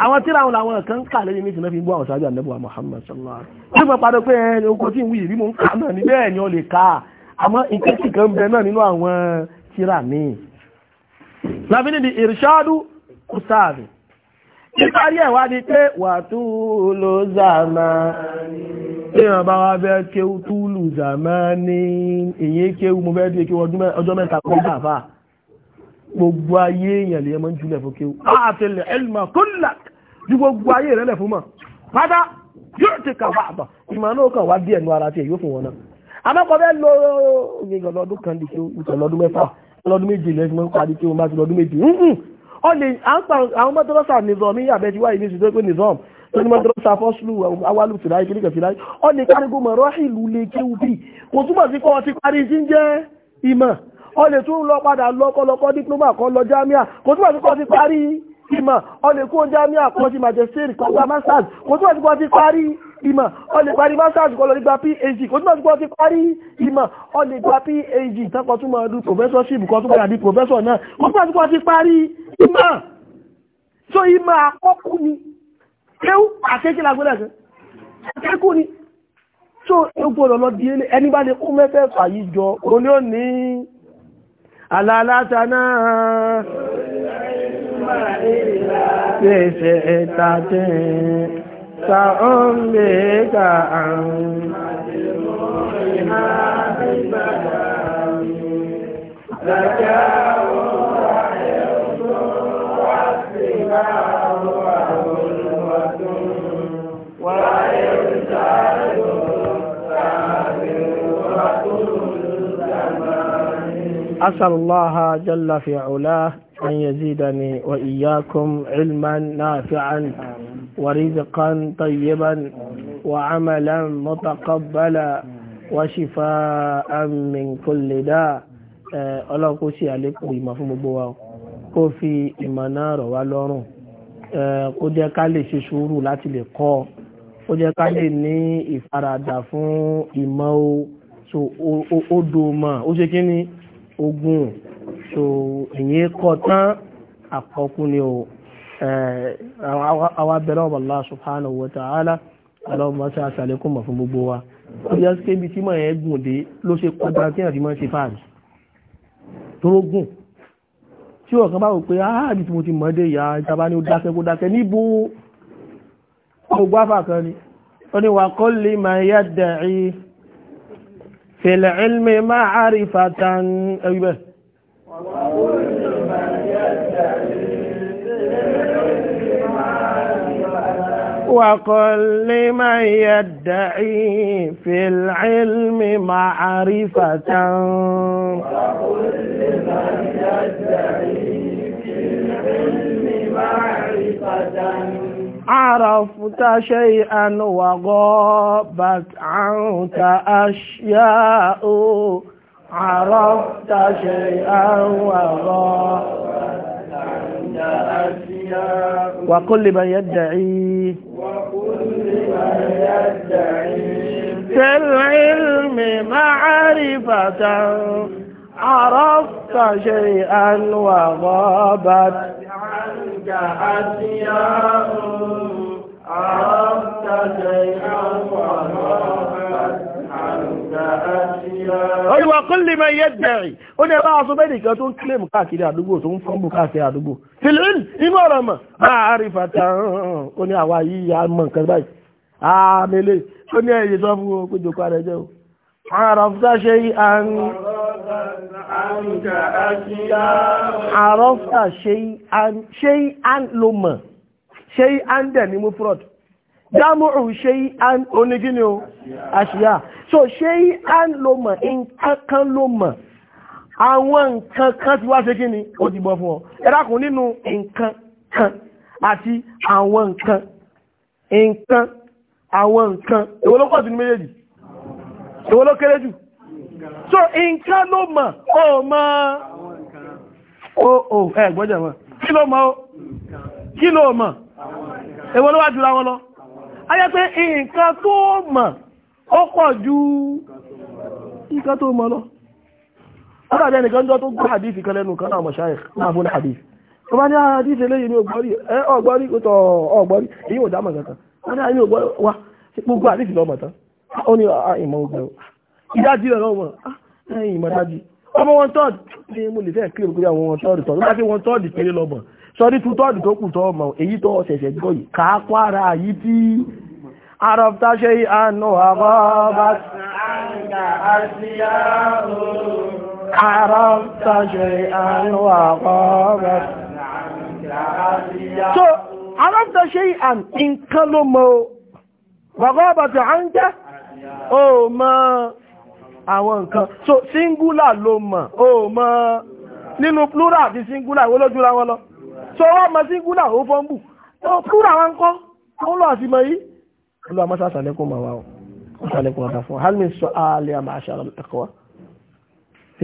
Speaker 1: àwọn tírà àwọn làwọn kan ń kà lórí ní ìsinmi gbọ́ àwọn sáájú àdẹ́bọ̀ Muhammad sallallahu alaihi wasallam padà pé ẹni oko tí ń wí ìrí mú ń kà náà ní bẹ́ẹ̀ ni ó Ìparí ẹ̀ wá ni pé wà túlù zàmà. Èèyàn bá wá fẹ́ kéwú túlù zàmà ní èyí kéwú mo fẹ́ di kéwú ọjọ́ mẹ́ta kọ́ bàbá. Gbogbo ayé èèyàn lè mọ́ jùlẹ̀ fún kéwú. A ti lè ẹlùmọ̀ kó là ju gbogbo ayé rẹ̀ lẹ̀ fún mọ̀. Pátá yóò ti kà wá àbọ̀. Ìmọ̀ náà kàn wá díẹ̀ nu ara tiẹ̀ yóò fún wọn náà. Àmọ́ kọ́ fẹ́ lo ìgbàlódún kan ọlẹ̀ àwọn mọ́tọ́lọ́sà nìzọ̀m ní àbẹ́jíwá ìní sí tó pé nìzọ̀m tó ní mọ́tọ́lọ́sà fọ́sùlù awálù fìláì kìlì kẹfìláì ọlẹ̀ kárígó mọ̀rọ̀ ìlú lè kéwù bí kò túmọ̀ sí kọ́ ti parí sí jẹ́ ìmọ̀ ọlẹ̀ tún lọ padà lọ́kọ́lọ́kọ́ dípúlọ́mà kọ́ lọ jámíà kò túmọ̀ sí kọ́ ti parí ìmọ̀ ọlẹ̀ kó jámíà kọ́ ti màjẹ̀sẹ̀rì kọ́ gba masters kò túmọ̀ sí kọ́ ti parí ìmọ̀ ọlẹ̀ parí masters kọ́ lọ nígbà phd kò túmọ̀ sí kọ́ ti parí ìmọ̀ ọlẹ̀ gba phd tán kọ́ túmọ̀ ọdún professorship kọ́ túmọ̀ àdí professor náà kò túmọ̀ sí kọ́ ti parí ìmọ̀ tó ìmọ̀ àkọ́kù ni kéwú àṣẹ́kí lágbẹ́lẹ̀ kan àkẹ́kù ni tó egbò lọ́lọ́ di ilé ẹni bá lè kún mẹ́fẹ́ fàyí jọ òní ò ní alálátà náà pèsè ìtàtẹ̀ sàọ́m̀bẹ̀ẹ́gà أسأل الله جل في علاه أن يزيدني وإياكم علما نافعا ورزقا طيبا وعملا متقبلا وشفاء من كل داء ọlọ́run kó ṣe àlékún ìmọ̀ fún gbogbo wa kó fi ìmọ̀ náà rọ̀ wá lọ́rùn kó jẹ́ ká lè ṣe sùúrù láti lè kọ́ kó jẹ́ ká lè ní ìfaradà fún ìmọ̀ o so ó dùn mọ̀ ó ṣe kí ni ogun so èyí kọ tán àkọkù ni o àwa bẹ̀rẹ̀ ọba Allah subhanahu wa ta'ala alọ́mọ sí àṣàlékún mọ̀ fún gbogbo wa ó yá sí kébi tí mọ̀ ẹ́ gùn dé ló ṣe kọjá tí àti mọ̀ ṣe fáàrí tó gùn tí ọ̀kan bá wò pé áàbì tí mo ti mọ̀ ìyá ìjọba ni ó dákẹ́ dákẹ́ níbo ó gbáfà kan ni ó ní wà kọ́ lè máa yá dẹ̀ في العلم معرفة أيوة وقل لمن يدعي في العلم معرفة وقل لمن يدعي في العلم معرفة عرفت شيئا وغابت عنك أشياء عرفت شيئا وغابت
Speaker 2: عنك أشياء
Speaker 1: وقل لمن يدعي وقل
Speaker 2: لمن يدعي في
Speaker 1: العلم معرفة عرفت شيئا وغابت عنك أشياء عرفت شيئا وغابت عنك أشياء
Speaker 2: أيوة كل من يدعي
Speaker 1: أنا بعض ذلك تقول كلمة كاكي àdúgbò tó ń fọ́nbù káàkiri àdúgbò fìlìl inú ọ̀rọ̀ mọ̀ máa rí fàtàn ó ní àwa yìí a mọ̀ nǹkan báyìí àmì lè ó ní ẹ̀yẹ sọ fún ojòkó àrẹjẹ́ o àràfúta ṣe yí àrùn àrọ́fà ṣe án ló mọ̀ ṣe án dẹ̀ ní mufrod dámùrù ṣe án onígíní o àṣíyà so ṣe án ló mọ̀ nǹkankan ló mọ̀ àwọn nǹkankan ti wá ṣe kí ni ó ti bọ́ fún ọ ẹ̀rákùn nínú nǹkankan àti àwọn nǹkan nǹkan àwọn nǹkan èwo ló pọ̀ jù ní méjèèjì èwo ló so nǹkan ló mọ̀ ó mọ̀ ó ó ẹ gbọ́dọ̀ mọ̀ kí ló mọ̀ ó kí ló mọ̀ èwo ló wá jùlọ wọn lọ a jẹ́ pé nǹkan tó mọ̀ ó pọ̀ ju nǹkan tó mọ̀ lọ ọ́dàbí ẹnìkan jọ tó gbọ́ àdífì kan lẹ́nu kan náà mọ̀ ṣáyẹ̀ náà fún àdífì tó bá ní àdífì ah, lẹ́yìn ní ọgbọ́rí ah, ah, ọgbọ́rí ìdájí ọ̀rọ̀ wọn ah, ẹ̀yìn ìmọ̀dájú ọmọ wọn tọ́ọ̀dù ní mo lè fẹ́ kí olùkọ́ àwọn wọn tọ́ọ̀dù tọ́ọ̀dù láti wọn tọ́ọ̀dù péré lọ́mọ̀ sọrí tún tọ́ọ̀dù tó kù tọ́ ọmọ èyí tó ṣẹ̀ṣẹ̀ gbọ́ yìí káàkó ara yìí tí arọ́pútà ṣe àánú àbọ̀ bá arọ́pútà ṣe àánú àbọ̀ bá so arọ́pútà ṣe àn nǹkan ló mọ bàbá bàtà àǹkà ó mọ àwọn nǹkan so singular ló mọ̀ o mọ̀ nínú plural àti singular ìwó lójúra wọn lọ so wọ́n mọ̀ singular ó fọ́n bù plural wọn kọ́ ó lọ àti mọ̀ yìí olú àmọ́ sàṣàlẹ́kùn mọ̀ wa o sàṣàlẹ́kùn ọ̀dà fún hálmi sọ àlẹ́ àmà àṣàrọ̀ ẹ̀kọ́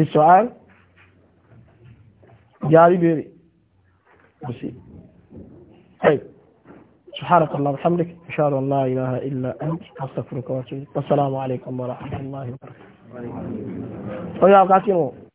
Speaker 1: ìsọ̀ àl járí bèrè kò sí سبحانك اللهم وبحمدك اشهد ان لا اله الا انت استغفرك واتوب السلام عليكم ورحمه الله وبركاته ọ̀yá ọ̀ká kírun